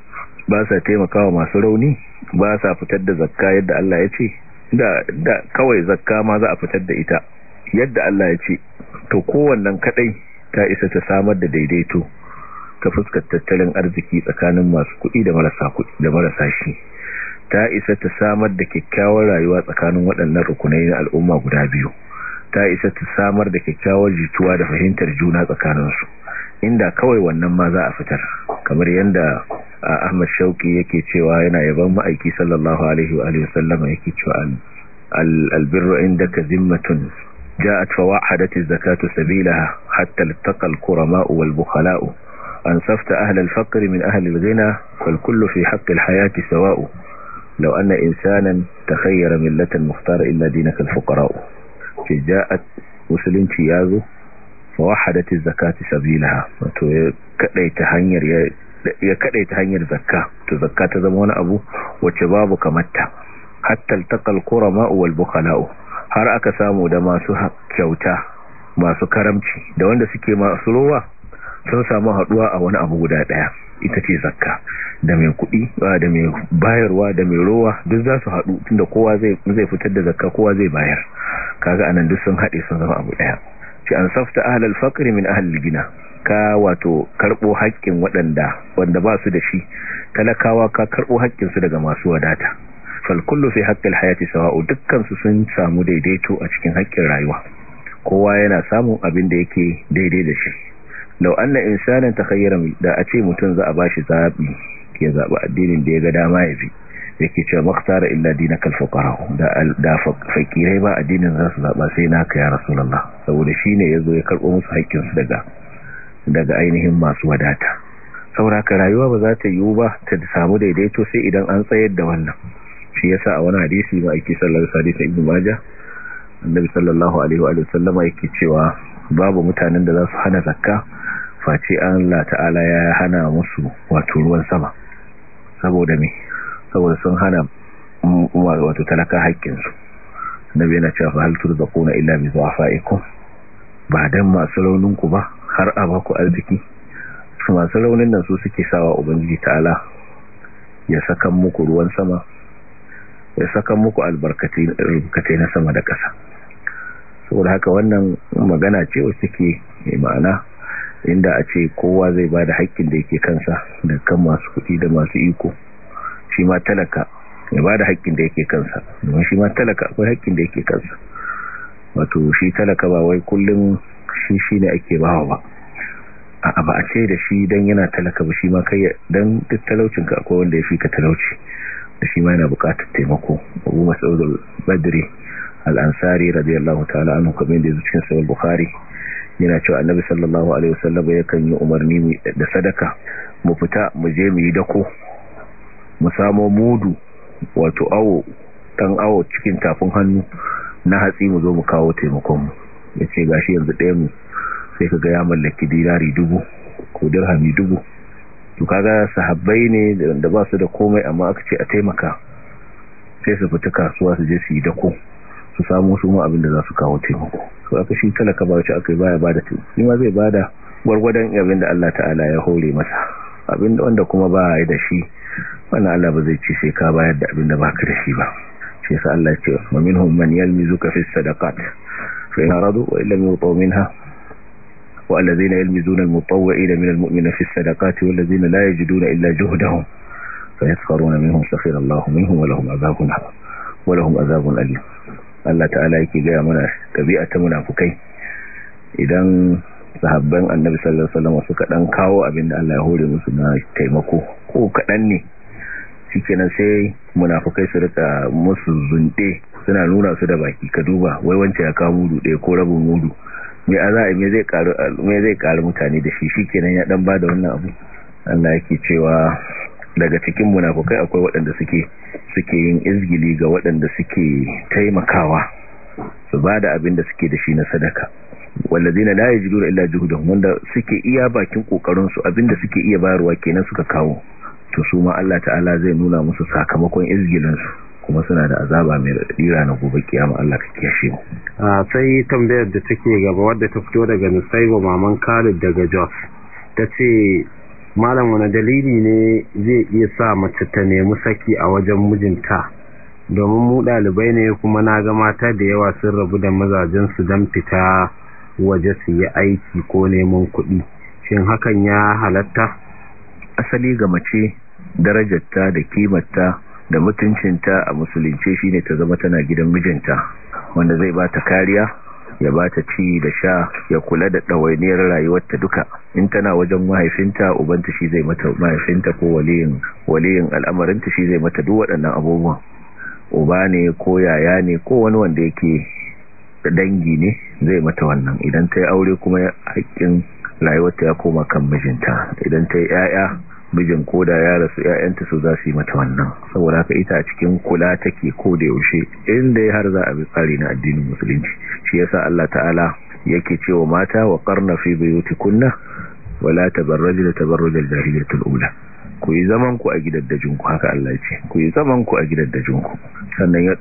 ba sa taimakawa masu rauni ba sa fitar da zakka yadda Allah ya ce da kawai zakka ma za a fitar da ita yadda Allah ya ce to kowannan kadai ta isa ta samar da daidaito ta fuskar tattalin arziki tsakanin masu kuɗi da marasa kuɗi da marasa shi ta isa ta samar da kyakkyawar rayuwa tsakanin waɗannan rukunai na al'umma guda biyu ta isa ta samar da kyakkyawar jituwa da fahimtar juna tsakaninsu inda kawai wannan ma za a fitar kamar yadda ahmad shauki yake cewa yana yaban ma'aiki sallallahu alaihi wa sallama yake cewa albirru inda ka zimmatun ja'at fawahadat az-zakatu sabilaha hatta iltaqa al wal-bukhala'u ansafta ahla al-faqr min ahli al-ghina fal-kullu fi haqqi al-hayati sawa'u law anna insanan takhayyara millatan muhtara illa dinaka al-fuqara'u ja'at musulunci yazo wahadati zakati sabilaha wato ya kadaita hanyar ya kadaita hanyar zakka to zakka ta zama wani abu wacce babu kamarta hatta altaqal qurama wal bukhala'u har aka samu da masu kyauta masu karamci da wanda suke masu rowa sun samu haduwa a wani abu guda daya ita ce zakka da mai kuɗi da mai bayarwa da mai rowa duk za su haɗu tunda kowa zai fitar da zakka kowa zai bayar kaga anan duk sun haɗe sun zama abu ɗaya ci an safta ahlal faqri min gina ka wato karbo haƙƙin waɗanda wanda ba su da shi talakawa ka karbo haƙƙinsu su daga masu wadata fal kullu fi haqqil hayati sawa'u dukkan sun samu daidaito a cikin haƙƙin rayuwa kowa yana samun abin da yake daidai da shi law anna insanan takhayyara da a ce mutum za a bashi zaɓi ya zabi addinin da ya ga dama ya bi yake ce maktara illa dina fuqara da da fakirai ba addinin za su zaba sai naka ya rasulullah saboda shi ne ya karbo musu haƙƙin su daga daga ainihin masu wadata saboda ka rayuwa ba za ta yiwu ba ta samu daidaito sai idan an tsayar da wannan shi yasa a wani hadisi ba ake sallallahu alaihi ibn majah annabi sallallahu alaihi wa sallama yake cewa babu mutanen da za su hana zakka face Allah ta'ala ya hana musu wato ruwan sama saboda me saboda sun hana wato talaka haƙƙinsu biya na cewa fa hal kuna illa mai zuwa du'afaikum ba dan masu raunin ba har a baku arziki su masu raunin nan su suke sawa ubangiji ta'ala ya sakan muku ruwan sama ya sakan muku albarkatai na sama da ƙasa saboda haka wannan magana ce wa suke mai ma'ana inda a ce kowa zai ba da haƙƙin da yake kansa da kan masu kuɗi da masu iko shi ma talaka ya ba da haƙƙin da yake kansa domin shi ma talaka akwai haƙƙin da yake kansa wato shi talaka ba wai kullum shi shi ne ake bawa ba a ba a ce da shi don yana talaka ba shi ma kai don duk talaucinka akwai wanda ya fi ka talauci da shi ma yana buƙatar taimako abu masaudul badri al'ansari radiyallahu ta'ala anhu kamar da zuciyar sahih bukhari yana cewa annabi sallallahu alaihi wasallam yakan yi umarni da sadaka mu fita mu je mu yi dako mu samo mudu wato awo dan awo cikin tafin hannu na hatsi mu zo mu kawo taimakon mu yace gashi yanzu ɗaya mu sai kaga ya mallaki dirari dubu ko dirhami dubu to kaga sahabbai ne da ba su da komai amma aka ce a taimaka sai su fita kasuwa su je su yi dako su samu su mu abin da za su kawo taimako to aka shi talaka ba wace aka yi baya bada taimako shi ma zai bada gwargwadon abin da Allah ta'ala ya hore masa Abin da wanda kuma ba ya da shi wannan Allah ba zai ci sai ka bayar da ba ka da shi ba shi yasa Allah ce wa min minhum man yalmizuka fi sadaqat fa in aradu wa illam yutu minha wa alladhina yalmizuna al-mutawwi'ina min al-mu'minina fi sadaqati wal ladhina la yajiduna illa juhdahum fayasqaruna minhum sakhira Allahu minhum wa lahum adhabun wa lahum adhabun alim Allah ta'ala yake gaya mana tabi'a ta munafikai idan sahabban annabi sallallahu alaihi wasallam suka dan kawo abinda Allah ya hore musu na taimako ko kadan ne shikenan sai munafukai su rika musu zunde suna nuna su da baki ka duba wai wance ya kawo mudu ɗaya ko rabin mudu me a za'a me zai karu me zai karu mutane da shi shikenan ya dan bada wannan abu Allah yake cewa daga cikin munafukai akwai waɗanda suke suke yin izgili ga waɗanda suke taimakawa su bada abin da suke da shi na sadaka na wallazina la lura illa juhdahum wanda suke iya bakin kokarin su abinda suke iya bayarwa kenan suka kawo to su ma Allah ta'ala zai nuna musu sakamakon izgilansu kuma suna da azaba mai radira na gobe kiyama Allah ka kiyashe mu sai tambayar da take gaba wadda ta fito daga Nusaiba maman Khalid daga Jos tace malam wani dalili ne zai iya sa mace ta nemi saki a wajen mijinta domin mu dalibai ne kuma na ga mata da yawa sun rabu da su dan fita waje su yi aiki ko neman kuɗi shin hakan ya halatta asali ga mace darajarta da kimarta da mutuncinta a musulunce shine ta zama tana gidan mijinta wanda zai ba ta kariya ya ba ta ci da sha ya kula da ɗawainiyar rayuwarta duka in tana wajen mahaifinta ubanta shi zai mata mahaifinta ko waliyin waliyin al'amarinta shi zai mata duk waɗannan abubuwan uba ne ko yaya ne ko wani wanda yake dangi ne zai mata wannan idan ta yi aure kuma haƙƙin rayuwarta ya koma kan mijinta idan ta yi 'ya'ya mijin ko da ya rasu 'ya'yanta su za su yi mata wannan saboda haka ita cikin kula take ko da yaushe inda ya har za a bi tsari na addinin musulunci shi yasa Allah ta'ala yake wa mata wa karna fi buyutikunna wala tabarrajna tabarrujal jahiliyatul ula ku yi zaman ku a gidaddajinku haka Allah ya ce ku yi zaman ku a gidaddajinku sannan ya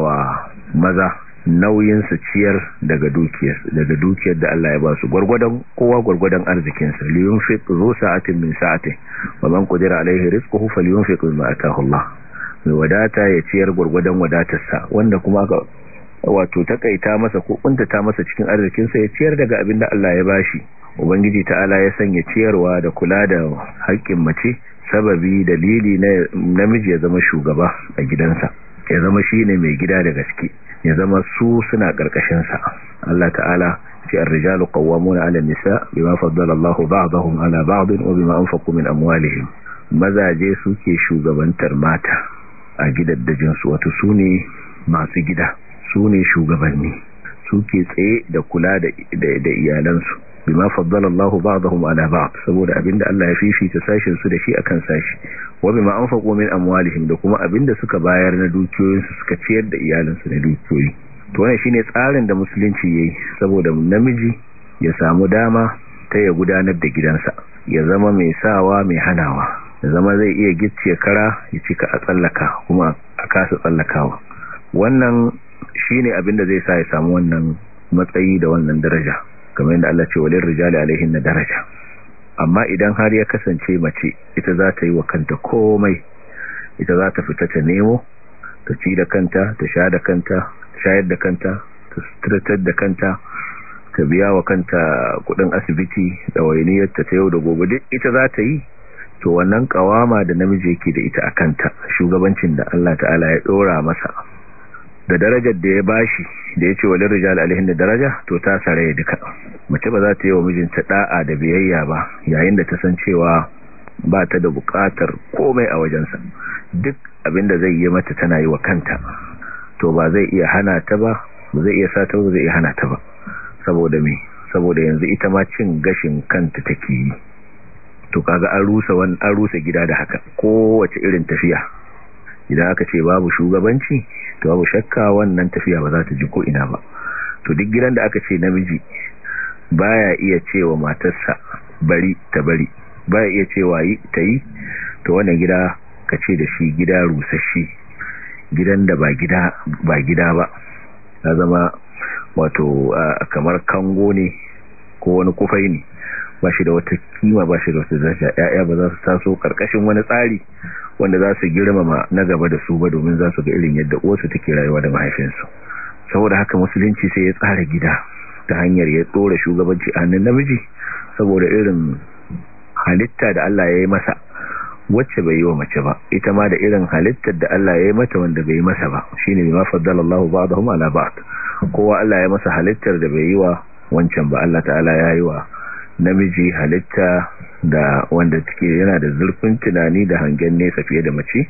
wa maza nauyin ciyar daga dukiyar daga dukiyar da Allah ya ba su gurgurdan kowa gurgurdan arzikin sa li yunfiq zu sa'atin min sa'ati wa man qadira alaihi rizquhu falyunfiq mimma ataahu Allah mai wadata ya ciyar gurgurdan wadatarsa wanda kuma aka wato takaita masa ko kuntata masa cikin arzikin sa ya ciyar daga abin da Allah ya ba shi ubangiji ta'ala ya sanya ciyarwa da kula da haƙƙin mace sababi dalili na namiji ya zama shugaba a gidansa ya zama shi ne mai gida da gaske ya zama su suna ƙarƙashinsa Allah ta'ala ce ar-rijalu qawwamuna 'ala an-nisa bima faddala Allahu ba'dahum 'ala ba'din wa bima anfaqu min amwalihim mazaje suke shugabantar mata a gidaddajin su wato sune masu gida sune shugabanni suke tsaye da kula da iyalansu bima faddala Allah ba'dahum ala ba'd saboda abinda Allah ya fifita sashin su da shi akan sashi wa bima anfaqu min amwalihim da kuma abinda suka bayar na su suka ciyar da iyalansu na dukiyoyi to wannan shine tsarin da musulunci yayi saboda namiji ya samu dama ta ya gudanar da gidansa ya zama mai sawa mai hanawa ya zama zai iya gicciye kara ya cika a tsallaka kuma a kasa tsallakawa wannan shine abin da zai sa ya samu wannan matsayi da wannan daraja kamar yadda Allah ce walil rijali alaihin na daraja amma idan har ya kasance mace ita za ta yi wa kanta komai ita za ta fita ta nemo ta ci da kanta ta sha da kanta ta shayar da kanta ta sutratar da kanta ta biya wa kanta kudin asibiti da wainiyar ta yau da gobe duk ita za ta yi to wannan kawama da namiji yake da ita a kanta shugabancin da Allah ta'ala ya dora masa da darajar da ya bashi da ya ce wa rijal alihin da daraja to ta tsara ya duka mace ba za ta yi wa mijinta da'a da biyayya ba yayin da ta san cewa ba ta da bukatar komai a wajensa duk abin da zai yi mata tana yi wa kanta to ba zai iya hana ta ba ba zai iya sata ba zai iya hana ta ba saboda me saboda yanzu ita ma cin gashin kanta take yi to kaga an rusa wani an rusa gida da haka kowace irin tafiya idan aka ce babu shugabanci to abu shakka wannan tafiya ba za ta ji ko ina ba to duk gidan da aka ce namiji baya iya cewa matarsa bari ta bari baya iya cewa yi ta yi to wannan gida ka ce da shi gida rusasshe gidan da ba gida ba gida ba ta zama wato kamar kango ne ko wani kufai ne ba shi da wata kima ba shi da wata daraja ya'ya ba za su taso karkashin wani tsari wanda za su girmama na gaba da su ba domin za su ga irin yadda uwarsu take rayuwa da mahaifinsu saboda haka musulunci sai ya tsara gida ta hanyar ya tsora shugabanci a hannun namiji saboda irin halitta da Allah ya yi masa wacce bai yi wa mace ba ita ma da irin halittar da Allah ya yi mata wanda bai yi masa ba shine bima Allah ba'dahum ala ba'd kowa Allah ya masa halittar da bai yi wa wancan ba Allah ta'ala ya yi wa namiji halitta da wanda take yana da zurfin tunani da hangen nesa fiye da mace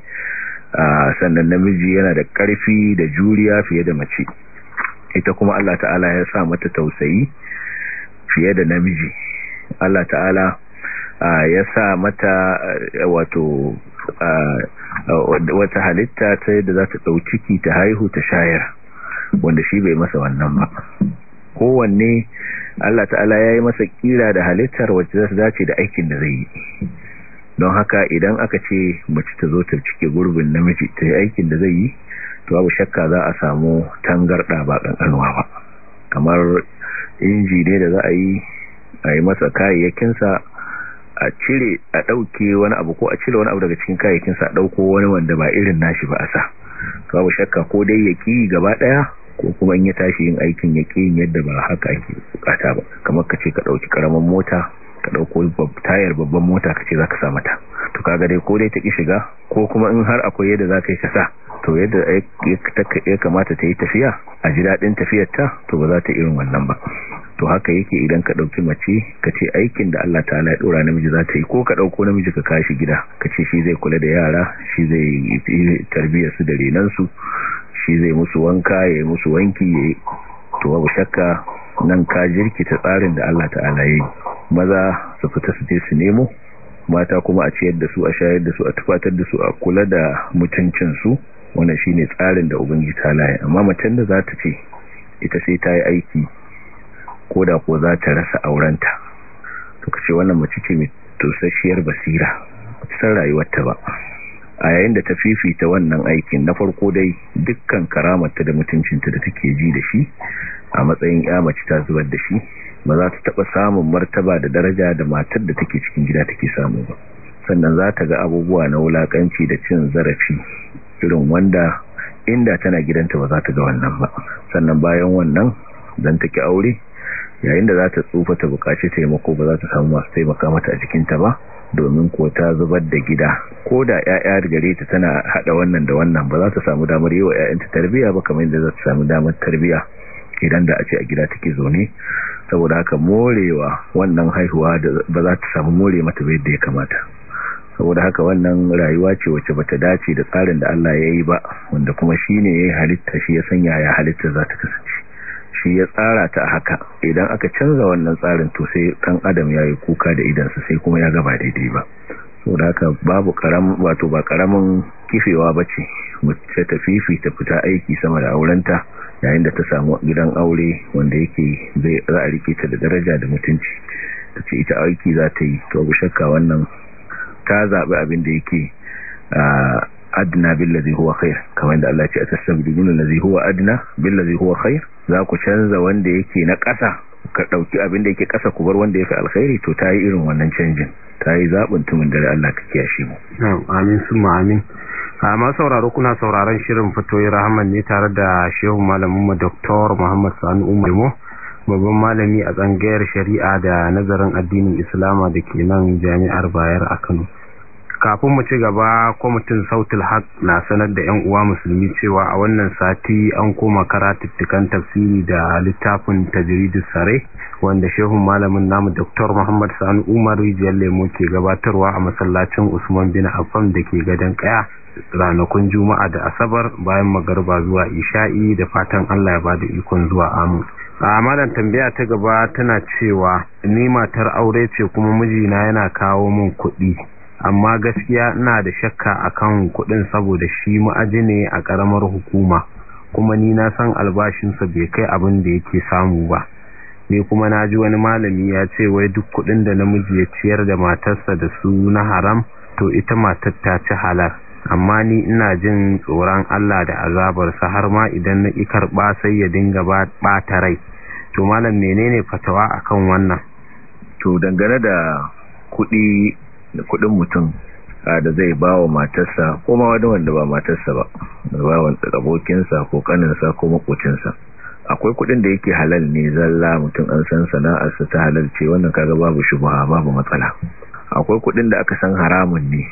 sannan namiji yana da ƙarfi da juriya fiye da mace ita kuma Allah ta'ala ya sa mata tausayi fiye da namiji Allah ta'ala ya sa mata wato wata halitta ta yadda za ta ciki ta haihu ta shayar wanda shi bai masa wannan ba kowanne Allah ta'ala ya yi masa kira da halittar wacce za su dace da aikin da zai yi don haka idan aka ce mace ta zo ta cike gurbin namiji ta yi aikin da zai yi to abu shakka za a samu tangarɗa ba ƙanƙanwa ba kamar inji ne da za a yi a yi masa kayayyakinsa a cire a ɗauke wani abu ko a cire wani abu daga cikin kayayyakinsa a ɗauko wani wanda ba irin nashi ba a sa abu shakka ko dai ya ki gaba ɗaya ko kuma in ya tashi yin aikin ya ke yadda ba haka ake bukata ba kamar ka ce ka dauki ƙaramin mota ka ɗauko tayar babban mota ka ce za ka sa mata to kaga dai ko dai ta ki shiga ko kuma in har akwai yadda za ka yi ka to yadda ya kamata ta yi tafiya a ji daɗin tafiyarta to ba za ta irin wannan ba to haka yake idan ka ɗauki mace ka ce aikin da Allah ta ya ɗora namiji za ta yi ko ka ɗauko namiji ka kashi gida ka ce shi zai kula da yara shi zai tarbiyyar su da su. shi zai musu wanka ya musu wanki ya to babu shakka nan ka ta tsarin da Allah ta'ala ya maza su fita su je su nemo mata kuma a ciyar da su a shayar da su a tufatar da su a kula da mutuncinsu shi shine tsarin da ubangi ta laye amma macen da za ta ce ita sai ta yi aiki ko da ko za ta rasa aurenta to kace wannan mace ce mai tosasshiyar basira rayuwar ta ba a yayin da ta fifita wannan aikin na farko dai dukkan karamarta da mutuncinta da take ji da shi a matsayin ya mace ta zubar da shi ba za ta taba samun martaba da daraja da matar da take cikin gida take samu ba sannan za ta ga abubuwa na wulaƙanci da cin zarafi irin wanda inda tana gidanta ba za ta ga wannan ba sannan bayan wannan zan take aure yayin da za ta tsufa ta bukaci taimako ba za ta samu masu taimaka mata a jikinta ba domin ko ta zubar da gida ko da ƴaƴa gare ta tana hada wannan da wannan ba za ta samu damar yi wa ƴaƴanta tarbiyya ba kamar yadda za ta samu damar tarbiyya idan da a ce a gida take zaune saboda haka morewa wannan haihuwa ba za ta samu more mata ba yadda ya kamata saboda haka wannan rayuwa ce wacce ta dace da tsarin da Allah ya yi ba wanda kuma shi ne ya halitta shi ya sanya ya halitta za ta kasance shi ya tsara ta haka idan aka canza wannan tsarin to sai kan adam ya yi kuka da idansa sai kuma ya gaba daidai ba so da haka babu karam wato ba karamin kifewa ba ce mace ta fifi ta fita aiki sama da aurenta yayin da ta samu gidan aure wanda yake zai za a rike ta da daraja da mutunci ta ce ita aiki za ta yi to abu shakka wannan ta zaɓi abin da yake ah, adna billazi huwa khair kamar da Allah ya ce atastabdiluna allazi huwa adna billazi huwa khair za ku canza wanda yake na ƙasa ka dauki abin da yake ƙasa ku bar wanda yake alkhairi to tayi irin wannan canjin tayi zabin tumin dare Allah ka kiyashe mu amin summa amin amma sauraro kuna sauraron shirin fatoyi rahman ne tare da shehu malamin mu dr Muhammad Sani Umaimo babban malami a tsangayar shari'a da nazarin addinin Islama da ke nan jami'ar Bayar a Kano kafin mu ci gaba kwamitin sautin haq na sanar da yan uwa musulmi cewa a wannan sati an koma karatuttukan tafsiri da littafin tajridus sare wanda shehun malamin namu dr muhammad sani umar rijiyar lemo ke gabatarwa a masallacin usman bin afam da ke gadon kaya ranakun juma'a da asabar bayan magarba zuwa isha'i da fatan allah ya bada ikon zuwa amu a madan tambaya ta gaba tana cewa ni matar aure ce kuma mijina yana kawo min kuɗi amma gaskiya ina da shakka akan kuɗin saboda shi ma'aji ne a karamar hukuma kuma ni na san albashinsa bai kai abin da yake samu ba ne kuma na ji wani malami ya ce wai duk kuɗin da namiji ya ciyar da matarsa da su na haram to ita matar ta ci halar amma ni ina jin tsoron Allah da azabarsa har ma idan na ikar ba sai ya dinga bata rai to malam menene fatawa akan wannan to dangane da kuɗi da kudin mutum da zai ba wa matarsa ko ma wani wanda ba matarsa ba da ba wa abokinsa ko kaninsa ko makocinsa akwai kudin da yake halal ne zalla mutum an san sana'arsa ta halal ce wannan kaga babu shubha babu matsala akwai kudin da aka san haramun ne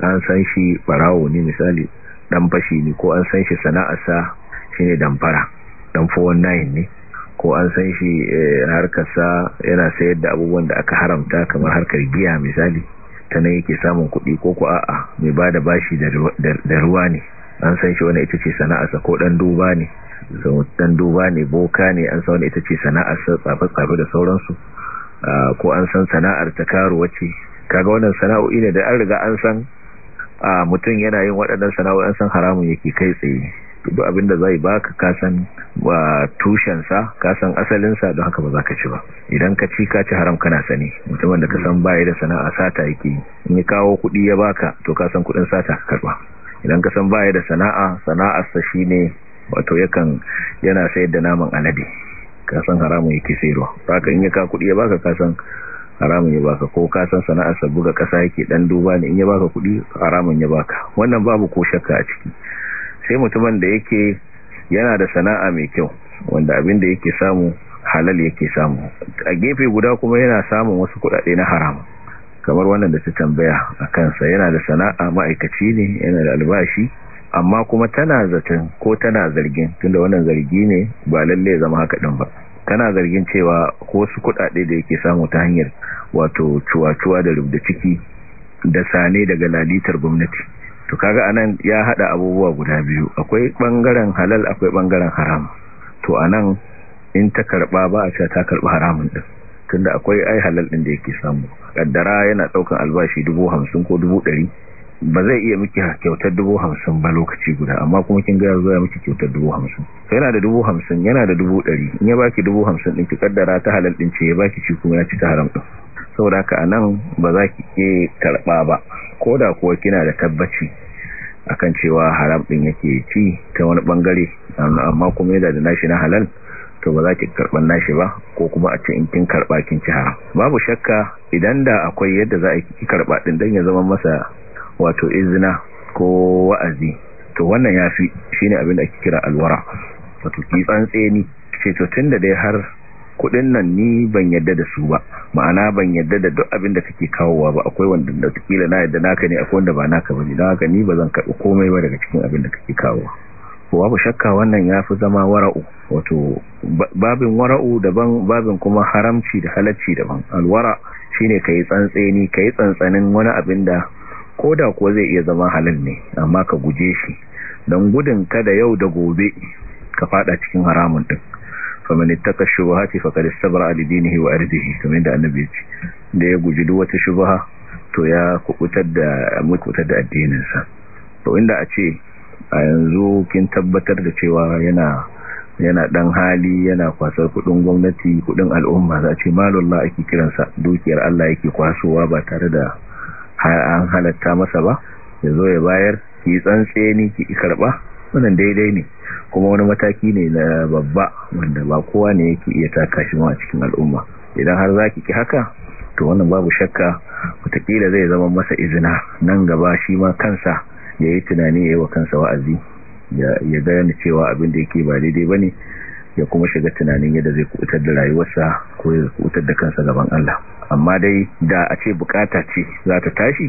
an san shi barawo ne misali dan fashi ne ko an san shi sana'arsa shine damfara dan 419 ne ko an san shi eh, harkarsa yana sayar da abubuwan da aka haramta kamar harkar giya misali ta ne yake samun kuɗi ko ku a'a mai ba da bashi da ruwa ne an san shi wani ita ce sana'arsa ko ɗan duba ne dan duba ne boka ne an san wani ita ce sana'arsa tsafe-tsafe da sauransu ah, ko an san sana'ar ta karuwa ce kaga wannan sana'o'i ne da an riga an san ah, mutum yana yin waɗannan sana'o'i an san haramun yake kai tsaye duk abinda zai baka kasan tushen tushensa kasan asalinsa don haka ba za ka ci ba idan ka ci ka ci haram kana sani mutumin da ka san baya da sana'a sata yake in ya kawo kuɗi ya baka to kasan kuɗin sata ka karba idan ka san baya da sana'a sana'ar sa shine wato yakan yana sayar da naman alade kasan haramun yake sayarwa saka in ya ka kuɗi ya baka kasan haramun ya baka ko ka san sana'ar sa buga kasa yake dan duba ne in ya baka kudi haramun ya baka wannan babu ko shakka a ciki sai mutumin da yake yana da sana'a mai kyau wanda abin da yake samu halal yake samu a gefe guda kuma yana samun wasu kudade na haram kamar wannan da ta tambaya a kansa yana da sana'a ma'aikaci ne yana da albashi amma kuma tana zaton ko tana zargin tunda wannan zargi ne ba lalle zama haka din ba tana zargin cewa ko wasu kudade da yake samu ta hanyar wato cuwa-cuwa da rubda ciki da sane daga lalitar gwamnati to kaga anan ya hada abubuwa guda biyu akwai bangaren halal akwai bangaren haram to anan in ta karba ba a ce ta karba haramun din tunda akwai ai halal din da yake samu kaddara yana daukan albashi 50 ko 100 ba zai iya miki kyautar 50 ba lokaci guda amma kuma kin ga zai ya miki kyautar 50 sai yana da 50 yana da 100 in ya baki 50 din ki kaddara ta halal din ce ya baki shi kuma ya ci ta haram din saboda haka anan ba za ki ke karba ba koda kuwa kina da tabbaci akan cewa haram din yake ci ta wani bangare amma kuma yadda nashi na halal to ba za ki karban nashi ba ko kuma a ce in kin karba kin ci haram babu shakka idan da akwai yadda za a ki karba din dan ya zama masa wato izina ko wa'azi to wannan yafi shine abin da ake kira alwara wato ki tsantseni ce to tunda dai har kudin nan ni ban yadda da su ba ma'ana ban yadda da duk abin da kake kawowa ba akwai wanda da kila na yadda naka ne akwai wanda ba naka ne don haka ni ba zan karɓi komai ba daga cikin abin da kake kawowa ko babu shakka wannan ya fi zama wara'u wato babin wara'u daban babin kuma haramci da halacci daban alwara shine kai tsantseni kai tsantsanin wani abin da koda ko zai iya zama halal ne amma ka guje shi don gudun kada yau da gobe ka fada cikin haramun din faman ittaka shubuhati faqad istabra li dinihi wa ardihi kamar da annabi ya ce da ya guji duk wata shubha to ya kukutar da mukutar da addinin sa to inda a ce a yanzu kin tabbatar da cewa yana yana dan hali yana kwasar kudin gwamnati kudin al'umma za a ce malullah ake kiransa dukiyar Allah yake kwasowa ba tare da an halatta masa ba yazo ya bayar ki tsantseni ki karba wannan daidai ne kuma wani mataki ne na babba wanda ba kowa ne yake iya taka shi ma a cikin al'umma idan har za ki ki haka to wannan babu shakka watakila zai zama masa izina nan gaba shi ma kansa ya yi tunani ya yi wa kansa wa'azi ya gani cewa abin da yake ba daidai ba ne ya kuma shiga tunanin yadda zai kubutar da rayuwarsa ko ya kubutar da kansa gaban Allah amma dai da a ce bukata ce za ta tashi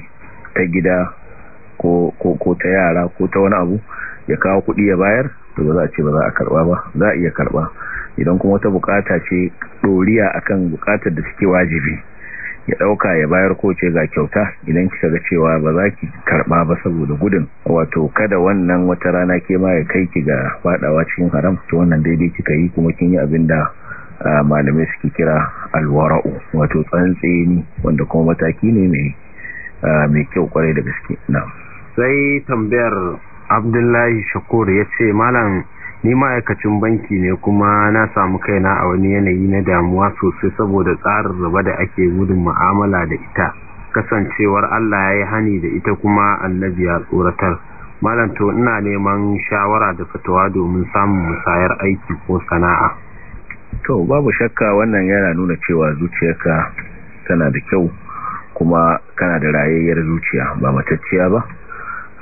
ta gida ko ta yara ko ta wani abu ya kawo kuɗi ya bayar to za a ce ba za a karba ba za a iya karba idan kuma wata bukata ce doriya akan bukatar da suke wajibi ya dauka ya bayar ko ce ga kyauta idan kika ga cewa ba za ki karba ba saboda gudun wato kada wannan wata rana ke ma ya kai ki ga fadawa cikin haram to wannan daidai kika yi kuma kin yi abin da malamai suke kira alwara'u wato tsantseni wanda kuma mataki ne mai mai kyau kwarai da gaske na sai tambayar abdullahi shakur ya ce malam ni ma'aikacin banki ne kuma na samu kaina a wani yanayi na damuwa sosai saboda tsarin raba da ake gudun ma'amala da ita kasancewar allah ya yi hani da ita kuma annabi ya tsoratar malam to ina neman shawara da fatawa domin samun musayar aiki ko sana'a to babu shakka wannan yana nuna cewa zuciyarka tana da kyau kuma kana da rayayyar zuciya ba matacciya ba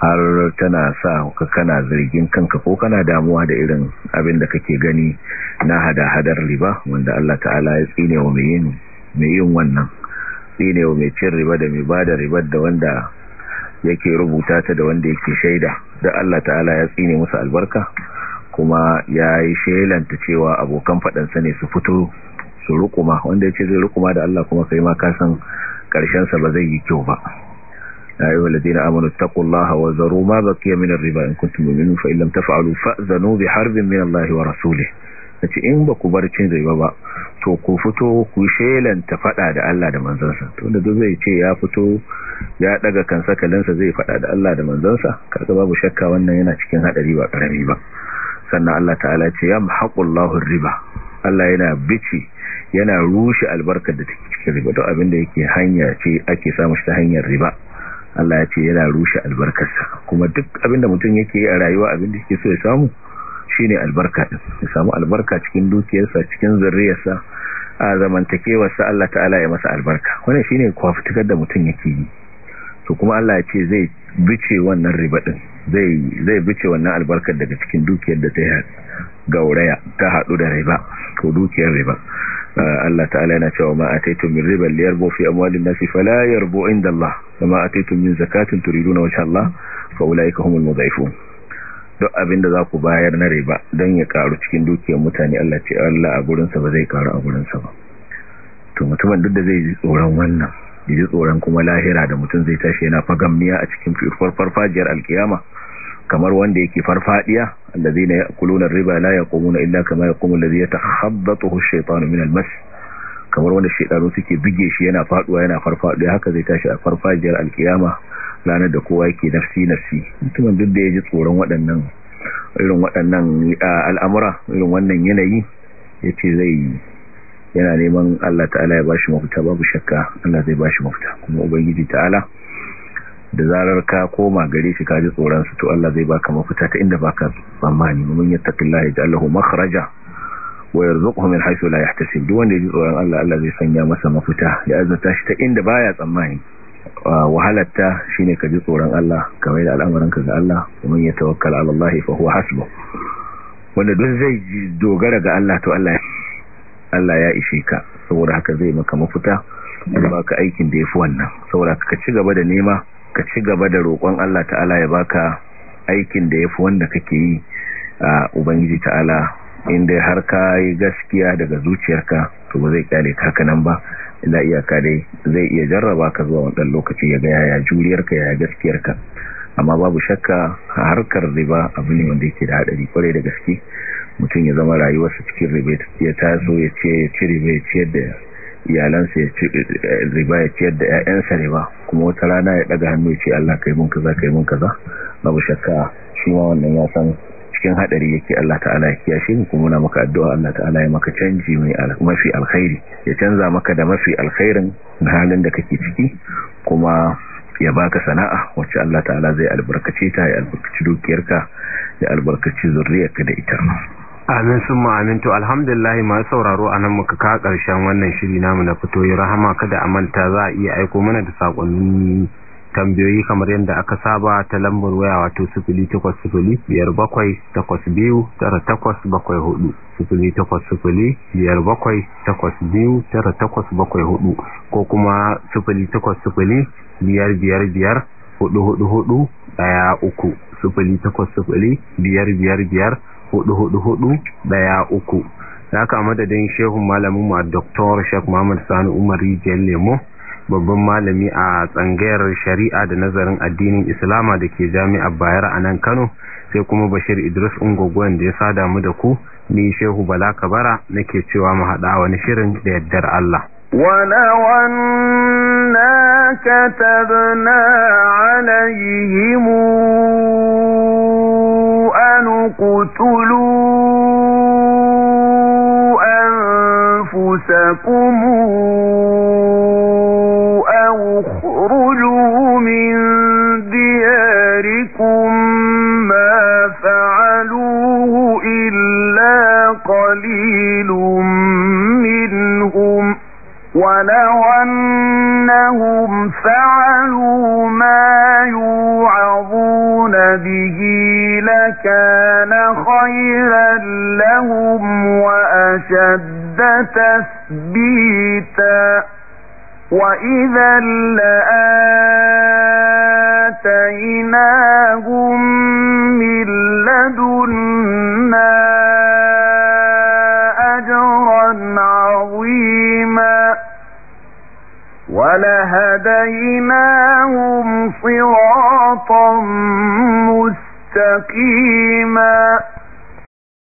har tana sa ka kana zargin kanka ko kana damuwa da irin abin da kake gani na hada-hadar riba wanda Allah ta'ala ya tsine wa mai yin mai yin wannan tsine wa mai cin riba da mai bada ribar da wanda yake rubuta ta da wanda yake shaida da Allah ta'ala ya tsine musu albarka kuma ya yi shelanta cewa abokan faɗansa ne su fito su rukuma wanda ya ce zai rukuma da Allah kuma kai ma kasan san ƙarshensa ba zai yi kyau ba يا أيها الذين آمنوا اتقوا الله وذروا ما بقي من الربا إن كنتم مؤمنون فإن لم تفعلوا فأذنوا بحرب من الله ورسوله nace in ba ku bar cin riba ba to ku fito ku shelanta fada da Allah da manzansa to da duk zai ce ya fito ya daga kansa sakalinsa zai fada da Allah da manzansa kaga babu shakka wannan yana cikin hadari ba karami ba sannan Allah ta'ala ce ya mahaqullahu riba Allah yana bici yana rushe albarkar da take cikin riba to abinda yake hanya ce ake samu shi ta hanyar riba Allah ya ce yana rushe albarkarsa kuma duk abinda mutum yake yi a rayuwa abin da yake so ya samu shine albarka din ya samu albarka cikin dukiyarsa cikin zurriyarsa a zamantakewarsa Allah ta'ala ya masa albarka wannan shine kwafutukar da mutum yake yi to kuma Allah ya ce zai bice wannan riba din zai zai bice wannan albarkar daga cikin dukiyar da ta gauraya ta hadu da riba ko dukiyar riba Allah ta'ala yana cewa ma ataitum min riba liyarbu fi amwalin nasi fala yarbu inda Allah kama ataitum min zakatin turiduna wajha Allah fa ulaika humul mudhaifun duk abinda za ku bayar na riba dan ya karu cikin dukiyar mutane Allah ce Allah a gurinsa ba zai karu a gurinsa ba to mutumin duk da zai ji tsoron wannan ji tsoron kuma lahira da mutum zai tashi yana fagamniya a cikin farfajiyar alkiyama kamar wanda yake farfadiya allazina ya'kuluna riba la yaqumuna illa kama yaqumu allazi yatakhabbathu ash-shaytanu min al-mas kamar wanda shaytanu suke bige shi yana faduwa yana farfadiya haka zai tashi a farfajiyar alkiyama ranar da kowa yake nafsi nafsi mutumin duk da yaji tsoron waɗannan irin waɗannan al'amura irin wannan yanayi yace zai yana neman Allah ta'ala ya bashi mafita babu shakka Allah zai bashi mafita kuma ubangiji ta'ala da zarar ka koma gare shi ka ji tsoron su to Allah zai baka mafita ta inda baka tsammani mun yattaqillahi ja'alahu makhraja wa yarzuquhu min haythu la yahtasib duk wanda ya ji tsoron Allah Allah zai sanya masa mafita ya azata shi ta inda baya tsammani wahalatta shine ka ji tsoron Allah ka mai da al'amuranka ga Allah mun yatawakkal 'ala Allah fa huwa hasbuh wanda duk zai dogara ga Allah to Allah Allah ya ishe ka saboda haka zai maka mafita ba ka aikin da yafi wannan saboda ka ci gaba da nema ka ci gaba da roƙon Allah ta'ala ya baka aikin da yafi wanda kake yi a ubangiji ta'ala inda har ka yi gaskiya daga zuciyarka to ba zai kyale ka nan ba illa iyaka dai zai iya jarraba ka zuwa wannan lokaci ya ga yaya juriyarka yaya gaskiyarka amma babu shakka harkar riba abu ne wanda yake da hadari kwarai da gaske mutum ya zama rayuwarsa cikin riba ya taso ya ce ya ci riba ya ciyar da iyalansa ya ci riba ya ciyar da ƴaƴansa ba kuma wata rana ya ɗaga hannu ya ce Allah kai mun kaza kai mun kaza babu shakka shi ma wannan ya san cikin hadari yake Allah ta'ala ya kiyashe shi kuma muna maka addu'a Allah ta'ala ya maka canji mai mafi alkhairi ya canza maka da mafi alkhairin halin da kake ciki kuma ya baka sana'a wacce Allah ta'ala zai albarkace ta ya albarkaci dukiyarka ya albarkaci zurriyarka da ita amin sun ma'amin to alhamdulillahi masu sauraro a nan muka kawo ƙarshen wannan shiri namu na fito yi rahama kada a manta za a iya aiko mana da saƙonin tambayoyi kamar yadda aka saba ta lambar waya wato sifili takwas sifili biyar bakwai takwas biyu tara takwas bakwai hudu takwas biyar bakwai takwas biyu tara takwas bakwai hudu ko kuma sifili takwas biyar biyar biyar hudu hudu hudu daya uku takwas biyar biyar biyar kama da madadin shehun malamin ma doktor shek Muhammad Sani Umar Rijiyar Lemo babban malami a tsangayar shari'a da nazarin addinin Islama da ke jami'ar Bayar a nan Kano sai kuma Bashir Idris ungogon da ya sa damu da ku ni Shehu Bala Kabara nake cewa mu hada wani shirin da yaddar Allah ولو أنا كتبنا عليهم اقتلوا أنفسكم أو اخرجوا من دياركم ما فعلوه إلا قليل منهم ولو أنهم فعلوا ما يوعظون به لكان خيرا لهم وأشد تثبيتا وإذا لآتيناهم من لدنا أجرا عظيما ولهديناهم صراطا مستقيما مستقيما